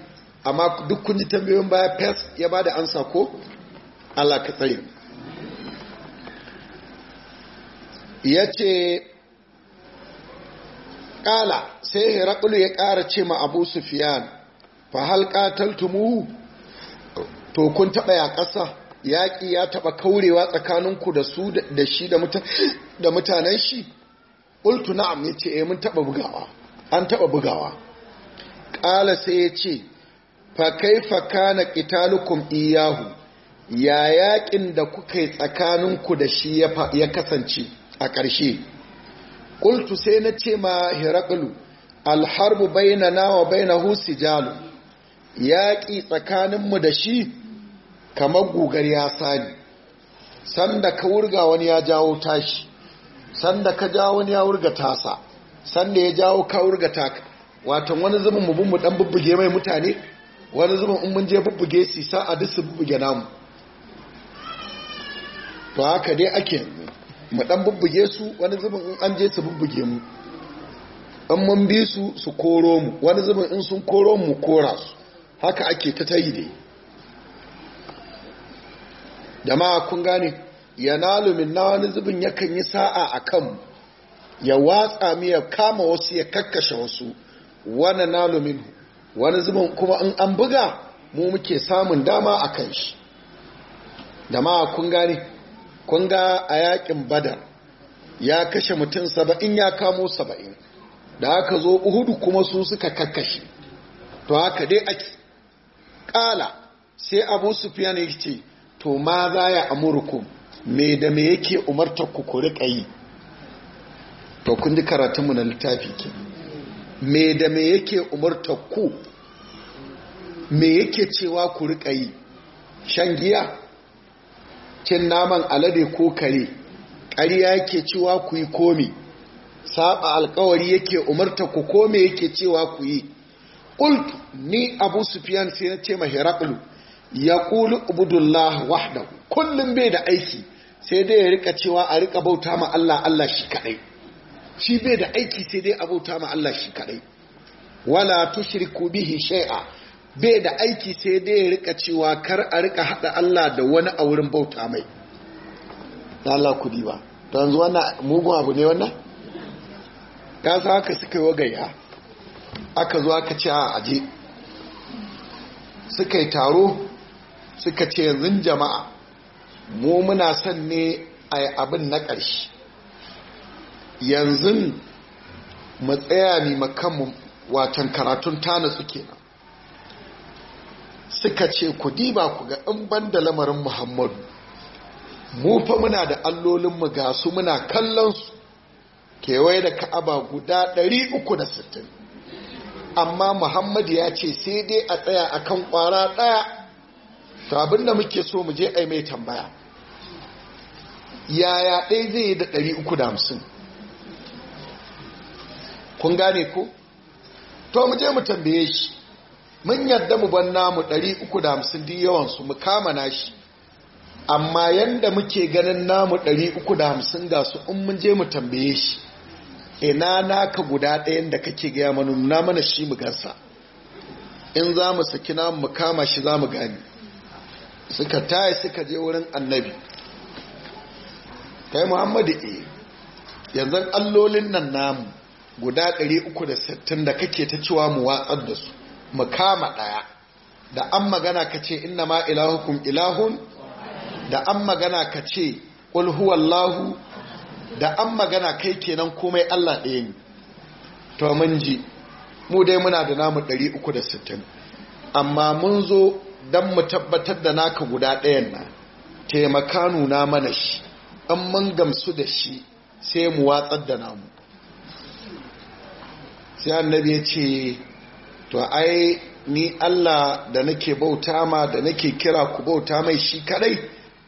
amma duk kun ji tambayoyin baya fes ya ba da ansa ko Allah ka tsare ya ce Kala sai Heraklu ya ƙara ce ma abu sufiyan fa halka taltumuhu to kun taɓa ya ƙasa yaƙi ya taɓa kaurewa tsakaninku da su da shi da mutanen shi ultu na amince ce eh, mun taɓa bugawa an taɓa bugawa ƙala sai ya ce fa kai fa kana qitalukum iyahu ya yaƙin da kuka yi tsakaninku da shi ya kasance a ƙarshe qultu sai na ce ma hiraklu alharbu bainana wa bainahu sijalu yaƙi tsakaninmu da shi kamar gugar ya sani sanda ka wurga wani ya jawo tashi sanda ka jawo wani ya wurga tasa sanda ya jawo ka wurga taka watan wani zubin mu mu dan bubbuge mai mutane wani zubin in mun je bubbuge su sa a duk su bubbuge namu to haka dai ake yanzu mu dan bubbuge su wani zubin in an je su bubbuge mu in mun bi su su koro mu wani zubin in sun koro mu kora su haka ake ta tayi dai jama'a kun gane yanalu na wani zubin yakan yi sa'a a kanmu ya watsa mu ya kama wasu ya kakkashe wasu wani nalu min wani zubin kuma in an buga mu muke samun dama a kan shi jama'a kun gane kun ga a yakin badar ya kashe mutum saba'in ya kamo saba'in da aka zo uhudu kuma su suka kakashi to haka dai ake kala sai abu fiye ya ce to ma za ya amurku me da me yake umartar ku ku riƙa to kun ji karatunmu na littafi ke me da me yake umartar ku me yake cewa ku riƙa shan giya cin naman alade ko kare ƙarya yake cewa ku yi komi saba alkawari yake umarta ku kome yake cewa ku yi ƙult ni abu sufiyan sai na ce mahiraklu ya ƙulu ubudullah wahda kullum bai da aiki sai dai ya rika cewa a rika bauta ma Allah Allah shi kaɗai shi bai da aiki sai dai a bauta ma Allah shi kaɗai wala tushriku bihi shai'a bai da aiki sai dai ya rika cewa kar a rika hada Allah da wani a wurin bauta mai Allah ku ba to yanzu wannan mugun abu ne wannan ka sa haka suka yi wagaya aka zo aka ce a aje suka yi taro suka ce yanzu jama'a mu muna son ne a yi abin na ƙarshe yanzu mu tsaya ne watan karatun tana suke. suka ce ku diba ku ga in ban lamarin muhammadu mu fa muna da allolinmu ga su muna kallon su kewaye da ka'aba guda 360 amma muhammadu ya ce sai dai a tsaya kan kwara daya sabin da muke so mu je ai mai tambaya yaya ɗaya zai yi da 350 kun gane ku? to mu je mu tambaye shi mun yadda mu ban namu 350 din yawan su mu kama nashi amma yanda muke ganin namu 350 ga su in mun je mu tambaye shi ina naka guda ɗayan da kake gaya mana na mana shi mu gansa in za mu saki namu mu kama shi za mu gani suka taya suka je wurin annabi kai muhammadu e yanzu allolin nan namu guda 360 da kake ta cewa mu watsar da su mu kama ɗaya da an magana ka ce inna ma ilahukum ilahun da an magana ka ce ƙulhuwallahu da an magana kai kenan komai Allah ɗaya ne to mun ji mu dai muna da namu 360 amma mun zo don mu tabbatar da naka guda ɗayan na taimaka nuna mana shi an mun gamsu da shi sai mu watsar da namu sai annabi ya ce to ai ni Allah da nake bauta ma da nake kira ku bauta mai shi kadai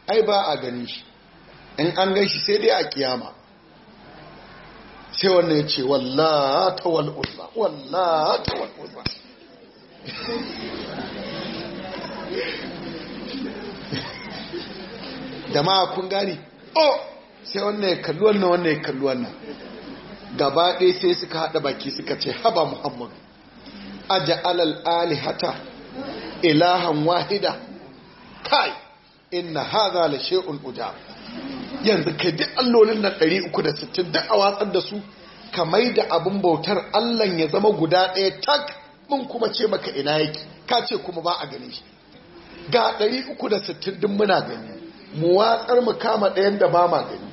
ai ba a gani shi in an gan shi sai dai a kiyama sai wannan ya ce wallata wal'uzza wallata wal'uzza da ma kun gani oh sai wannan ya kalli wannan wannan ya kalli wannan gaba ɗaya sai suka haɗa baki suka ce haba muhammadu Ali alihata ilahan wahida kai inna haza la shay'un ujab yanzu kai duk allolin na 360 duk a watsar da su ka maida da abin bautar allan ya zama guda ɗaya tak mun kuma ce maka ina yake ka ce kuma ba a gane shi ga 360 din muna gani mu watsar mu kama ɗayan da ba ma gani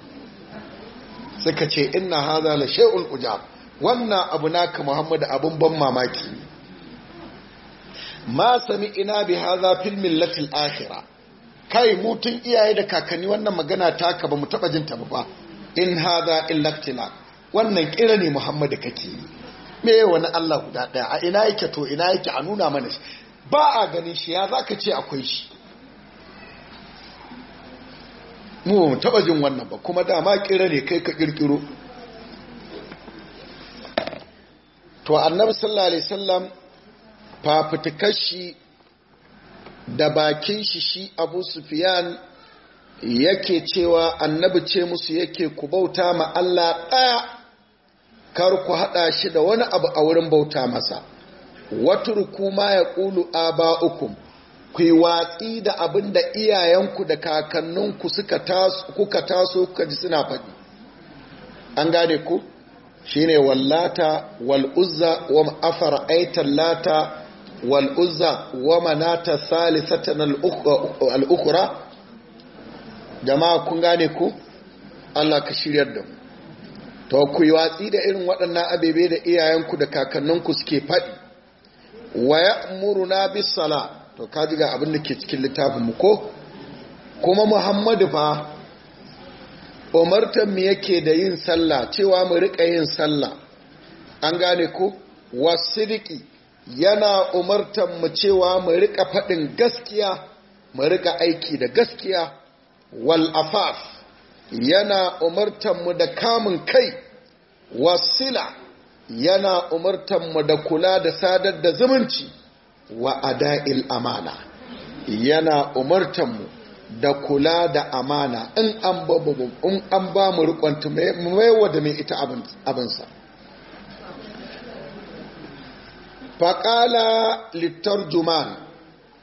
suka ce inna haza la shay'un ujab wannan abu naka muhammadu abin ban mamaki ma sami ina bi haza fil millatil akhira kai mutun iyaye da kakanni wannan magana ta ka ba mu taba jin ta ba in haza illaktila wannan kira ne muhammadu kake me wani Allah guda daya a ina yake to ina yake a nuna mana shi ba a ganin shi ya zaka ce akwai shi mu mu taba jin wannan ba kuma dama kira ne kai ka kirkiro to annabi sallallahu alaihi wasallam fafutukashi da bakin shi shi abu sufiyan yake cewa annabi ce musu yake ku bauta ma Allah ɗaya kar ku haɗa shi da wani abu a wurin bauta masa Wata rukuma ya ƙulu aba'ukum ku yi watsi da abin da iyayenku da kakanninku kuka taso kuka ji suna faɗi an gane ku shine wallata wal'uzza wa afar aitar lata Wal'uza uzza wa manata salisatan al’ukura jama'a kun gane ku Allah ka shiryar da to ku yi watsi da irin waɗannan abebe da iyayenku da kakanninku suke faɗi wa ya'muruna bis sala to kaji ga abin da ke cikin littafin mu ko kuma Muhammadu fa umartan mu yake da yin sallah cewa mu rika yin sallah an gane ku Wasu riƙi yana umartan mu cewa mu rika faɗin gaskiya mu rika aiki da gaskiya wal afaf yana umartan mu da kamun kai wasila yana umartan mu da kula da sadar da zumunci wa ada'il amana yana umartan mu da kula da amana in an ba mu rikon mai da mai ita abinsa faƙala Juman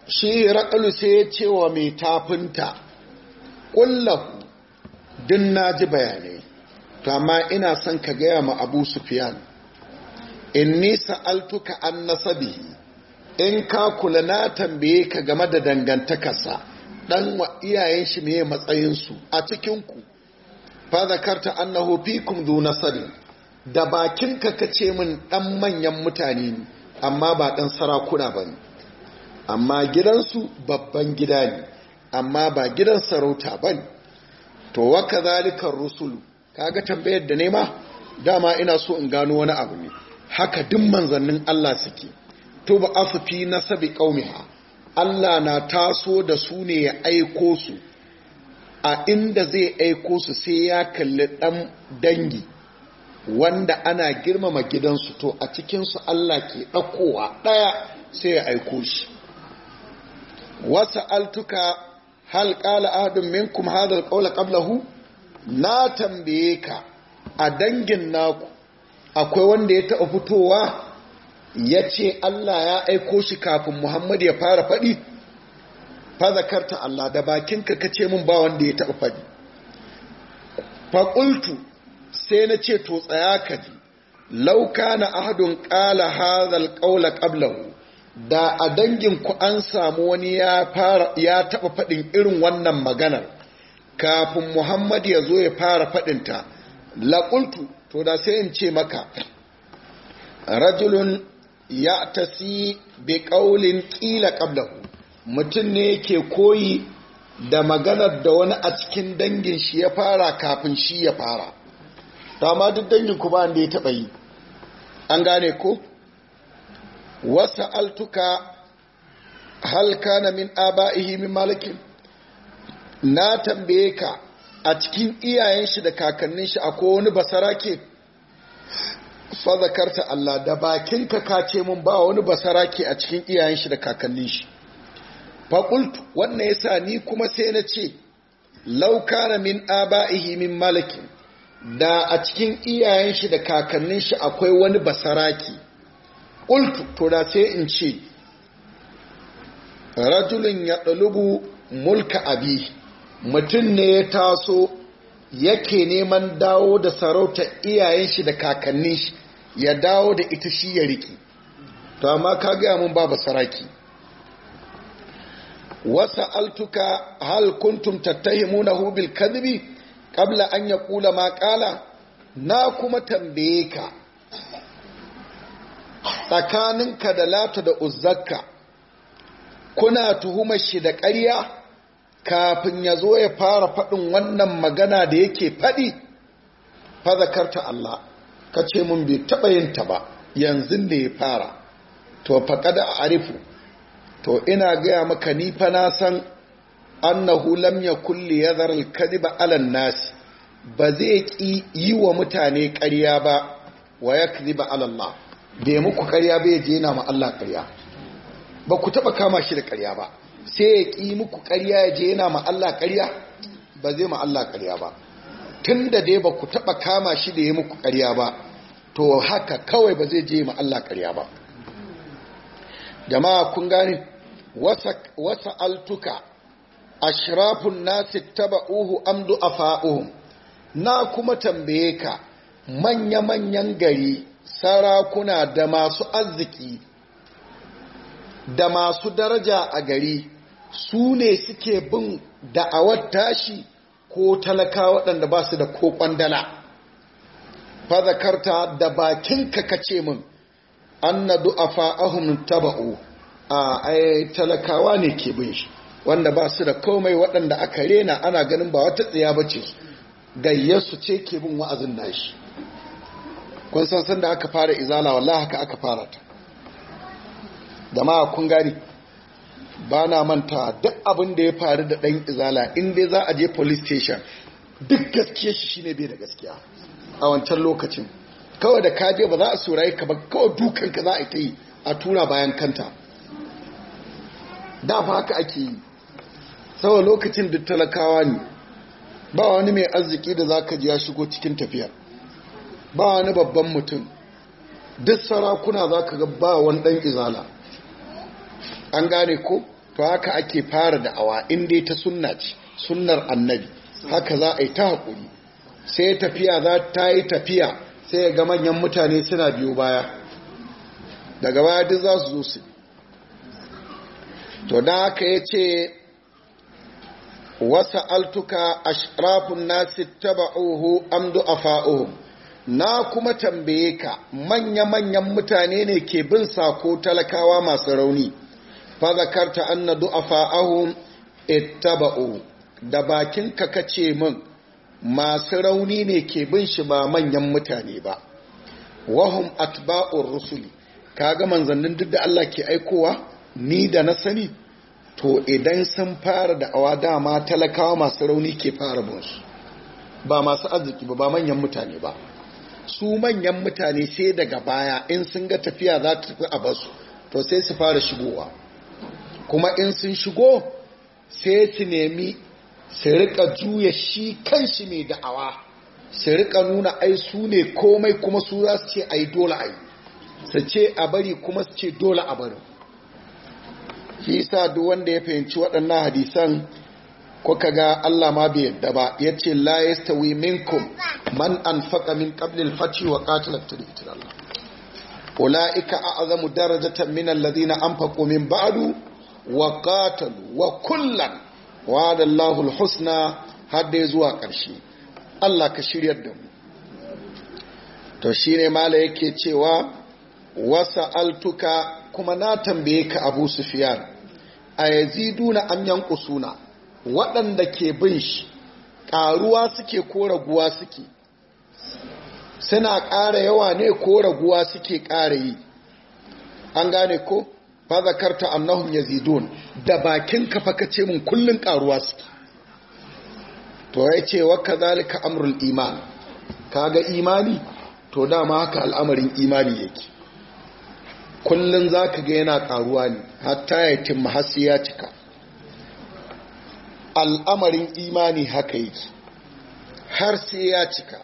shi raƙalu sai ya ce wa mai tafinta ƙullahu din na ji bayanai to ina son ka gaya ma abu sufiyan in nisa altuka an nasabi in ka kula na tambaye ka game da dangantakarsa ɗan wa iyayen shi ne matsayinsu a cikinku fa zakarta annahu fikum du nasari da bakinka ka ce min ɗan manyan mutane ne amma ba ɗan sarakuna ba ne amma gidansu babban gida ne amma ba gidan sarauta ba ne to waka zalikan rusulu kaga tambayar da nema dama ina so in gano wani abu ne haka duk manzannin Allah suke to ba afufi nasabi ha. Allah na taso da su ne ya aiko su a inda zai aiko su sai ya kalli dan dangi wanda ana girmama gidansu to a cikinsu Allah ke ɗaukowa ɗaya sai ya aiko shi wasa altuka hal ƙala ahadun minkum hadal ƙaula ƙablahu na tambaye ka a dangin naku akwai wanda ya taɓa fitowa ya ce Allah ya aiko shi kafin Muhammad ya fara faɗi fazakarta Allah da bakinka ka ce min ba wanda ya taɓa faɗi faƙultu sai na ce to tsaya ka ji lauka na ahadun ƙala hazal ƙaula qablahu da a dangin ku an samu wani ya taɓa faɗin irin wannan maganar kafin Muhammad ya zo ya fara faɗin ta Laƙultu, to da sai in ce maka rajulun ya tasi bi ƙaulin ƙila qablahu mutum ne ke koyi da maganar da wani a cikin dangin shi ya fara kafin shi ya fara ta ma duk dangin ku ba wanda ya taba yi an gane ko wasa altuka halka na min aba'ihi min malikin na tambaye ka a cikin iyayen shi da kakannin shi akwai wani basarake fazakarta Allah da bakin ka ce mun ba wani basarake a cikin iyayen shi da kakannin shi faƙultu wannan yasa ni kuma sai na ce laukana min aba'ihi min malikin da a cikin iyayen shi da kakannin shi akwai wani basaraki ƙultu to da sai in ce rajulun ya ɗalubu mulka abi mutum ne ya taso yake neman dawo da sarauta iyayen shi da kakannin shi ya dawo da ita shi ya riki to amma ka gaya mun ba basaraki wasa altuka hal kuntum tattahimunahu bil kadhibi ƙabla an ya ƙula maƙala na kuma tambaye ka tsakaninka da lata da uzzakka kuna tuhumar shi da ƙarya kafin ya zo ya fara faɗin wannan magana da yake faɗi fazakarta Allah ka ce mun bai taɓa yin ta ba yanzu da ya fara to faƙa da arifu to ina gaya maka ni fa na san annahu lam yakul li yadhar al kadhiba ala nas ba zai ki yi wa mutane ƙarya ba wa yakdhiba ala Allah bai muku ƙarya ba ya je yana ma Allah ƙarya ba ku taba kama shi da ƙarya ba sai ya ki muku ƙarya ya je yana ma Allah ƙarya ba zai ma Allah ƙarya ba tunda dai ba ku taba kama shi da ya muku ƙarya ba to haka kawai ba zai je ma Allah ƙarya ba jama'a kun gane wasa altuka ashrafun nasi taba'uhu amdu fa’uhun na kuma tambaye ka manya-manyan gari sarakuna da masu arziki da masu daraja a gari su ne suke bin da'awar tashi ko talaka waɗanda ba su da ko ƙwandala fazakarta da bakinka ka ce min an na du'afa ahun taba'u a talakawa ne ke bin shi wanda ba su da komai waɗanda aka rena ana ganin ba wata tsaya ba ce gayyarsu ce ke bin wa'azin shi. kun san san da aka fara izala wala haka aka fara ta jama'a kun gani ba na manta duk abin da ya faru da ɗan izala in dai za a je police station duk gaskiya shi shine bai da gaskiya a wancan lokacin kawai da kaje ba za a surayi ka ba kawai dukanka za a yi yi a tura bayan kanta da ba haka ake yi saboda lokacin da talakawa ne ba wani mai arziki da za ka ji ya shigo cikin tafiyar ba wani babban mutum duk sarakuna za ka ga ba wani ɗan izala an gane ko to haka ake fara da in dai ta sunna ce sunnar annabi haka za a yi ta haƙuri sai tafiya za ta yi tafiya sai ga manyan mutane suna biyu baya daga baya duk za su zo su to da haka ya ce wasa altuka ashrafun nasi taba'uhu amdu afa'uhum na kuma tambaye ka manya-manyan mutane ne ke bin sako talakawa masu rauni fa zakarta anna du'afa'ahum ittaba'u da bakin ka kace min masu rauni ne ke bin shi ba manyan mutane ba wahum atba'ur rusuli kaga manzannin duk da Allah ke aikowa ni da na sani to idan sun fara da awa dama talakawa masu rauni ke fara bunsu ba masu arziki ba ba manyan mutane ba su manyan mutane sai daga baya in sun ga tafiya za ta tafi a basu to sai su fara shigowa kuma in sun shigo sai su nemi su rika juya shi kan shi mai da'awa su rika nuna ai su ne komai kuma su za su ce ai dole ai su ce a bari kuma su ce dole a bari shi sa duk wanda ya fahimci waɗannan hadisan ka ga Allah ma bai yadda ba yace la yastawi minkum man anfaqa min qabli al-fathi wa qatala fi Allah ulaika a'zamu darajatan min alladhina anfaqu min ba'du wa qatalu wa kullan wa'ada Allahu al-husna da zuwa ƙarshe Allah ka shiryar da mu to shine mala yake cewa wasa altuka kuma na tambaye ka Abu Sufyan a yaziduna yanku suna, waɗanda ke bin shi ƙaruwa suke ko raguwa suke suna ƙara yawa ne ko raguwa suke ƙara yi an gane ko ba zakarta annahum yazidun da bakin ka fa kace mun kullun ƙaruwa suke to ya ce wa kazalika amrul iman ga imani to dama haka al'amarin imani yake kullum za ka ga yana karuwa ne hatta ya timma hasi ya cika al'amarin imani haka yi har sai ya cika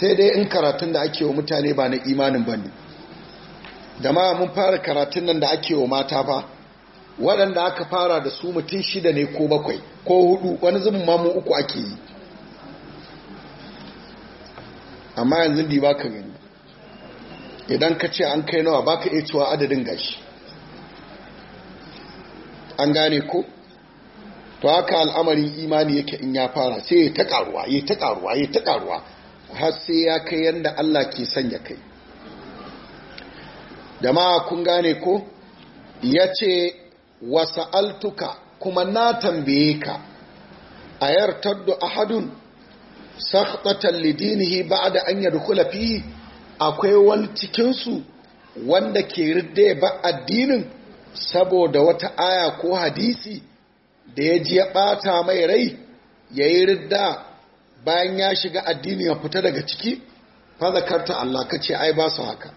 sai dai in karatun da ake wa mutane ba na imanin ba ne da ma mun fara karatun nan da ake wa mata ba waɗanda aka fara da su mutum shida ne ko bakwai ko hudu wani zumin mamu uku ake yi amma yanzu ba ka gani idan ka ce an kai nawa baka iya cewa adadin gashi an gane ko to haka al'amarin imani yake in ya fara sai ya ta karuwa ya ta karuwa ya ta karuwa har sai ya kai yanda Allah ke sanya kai jama'a kun gane ko yace wasa'altuka kuma na tambaye ka ayar taddu ahadun sakhtatan lidinihi ba'da an yadkhula fihi akwai wani cikinsu wanda ke ridde ba addinin saboda wata aya ko hadisi da ya ji ya bata mai rai ya yi ridda bayan ya shiga addini ya fita daga ciki fazakarta Allah ka ce ai ba su haka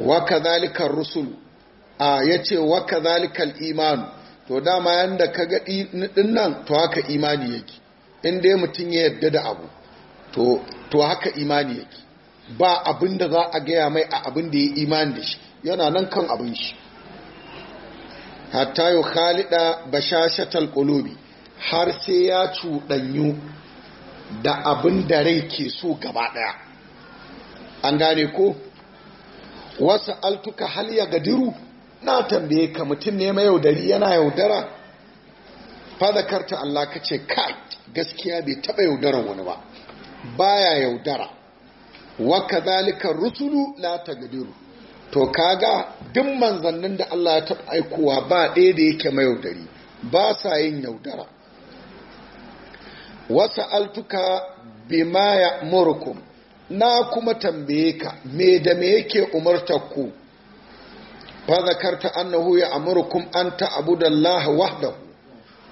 waka zalikar rusul a ya ce waka zalikar iman to dama yadda ka ɗin nan to haka imani yake inda ya mutum ya yadda da abu to to haka imani yake ba abin da za a gaya mai a abin da ya imani da shi yana nan kan abin shi hatta yau khalida bashashatal qulubi har sai ya cuɗanyu da abin da rai ke so gaba ɗaya an gane ko wasu altuka hal ya gadiru na tambaye ka mutum ne mai yaudari yana yaudara fadakarta Allah ka ce kai gaskiya bai taɓa yaudarar wani ba baya yaudara wa kadhalika rusulu la tagdiru to kaga duk manzannin da Allah ya taɓa aikowa ba ɗaya da yake mayaudari ba sa yin yaudara wasa altuka bima ya na kuma tambaye ka me da me yake umartar ku fa zakarta annahu ya amurkum an ta ta'budallaha wahdahu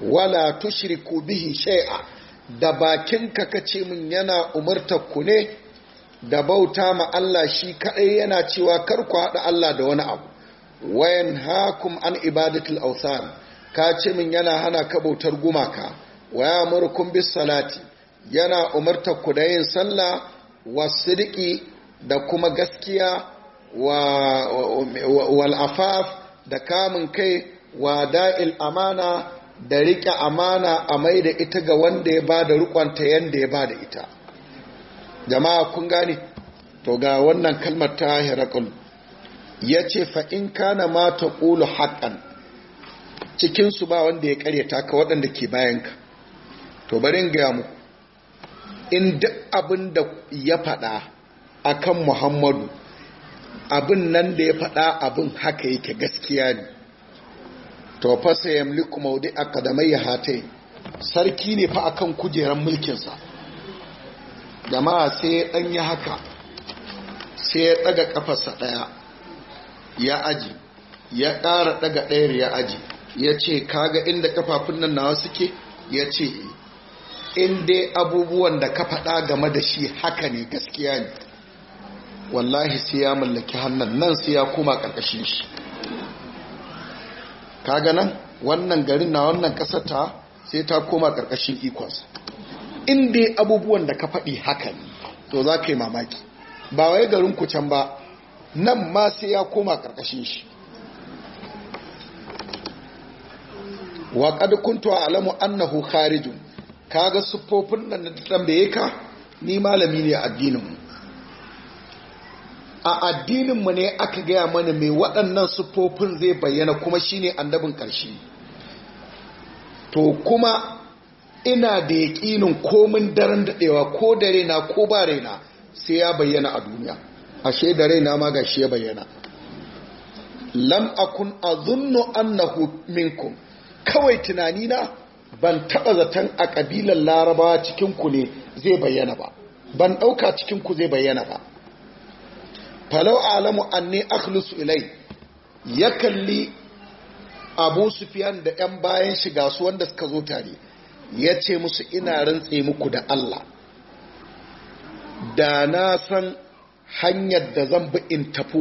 wala tushriku bihi shay'a da bakinka ka ce min yana umartar ku ne da bauta ma Allah shi kaɗai yana cewa kar ku haɗa Allah da wani abu wayan hakum an ibadatul awsan ka ce min yana hana ka bautar gumaka waya murkum bis salati yana umartar ku da yin sallah wa sidiki da kuma gaskiya wa wal afaf da kamun kai wa da'il amana da riƙe amana a mai da ita ga wanda ya ba da rikonta yadda ya ba da ita jama'a kun gane to ga wannan kalmar ta herakul ya ce fa'in kana ma ta ƙulu haƙan cikinsu ba wanda ya ƙaryata ka waɗanda ke bayanka to barin gaya mu in duk abin da ya faɗa a kan muhammadu abin nan da ya faɗa abin haka yake gaskiya ne to fa sai yamliku maudi akadamai hatai sarki ne fa akan kujeran mulkinsa jama'a sai ya yi haka sai ya daga kafarsa daya ya aji ya ƙara daga ɗayar ya aji ya ce kaga inda kafafun nan nawa suke ya ce in dai abubuwan da ka faɗa game da shi haka ne gaskiya ne wallahi sai ya mallaki hannun nan sai ya koma ƙarƙashin shi kaga nan wannan garin na wannan kasata ta sai ta koma ƙarƙashin ikonsa in dai abubuwan da ka faɗi haka ne to za ka yi mamaki ba wai garin ku can ba nan ma sai ya koma ƙarƙashin shi wa kad kuntu alamu annahu kharijun kaga siffofin nan da tambaye ka ni malami ne addinin mu a addininmu ne aka gaya mana mai waɗannan sufofin zai bayyana kuma shine annabin ƙarshe to kuma ina da yaƙinin komin daren daɗewa ko da raina ko ba raina sai ya bayyana a duniya ashe da raina ma ga shi ya bayyana lam akun azunnu annahu minkum kawai tunanina ban taɓa zaton a ƙabilar larabawa cikinku ne zai bayyana ba ban ɗauka cikinku zai bayyana ba falau alamu anni akhlusu ilai ya kalli abu sufiyan da 'yan bayan shiga su wanda suka zo tare ya ce musu ina rantse muku da Allah da na san hanyar da zan bi in tafi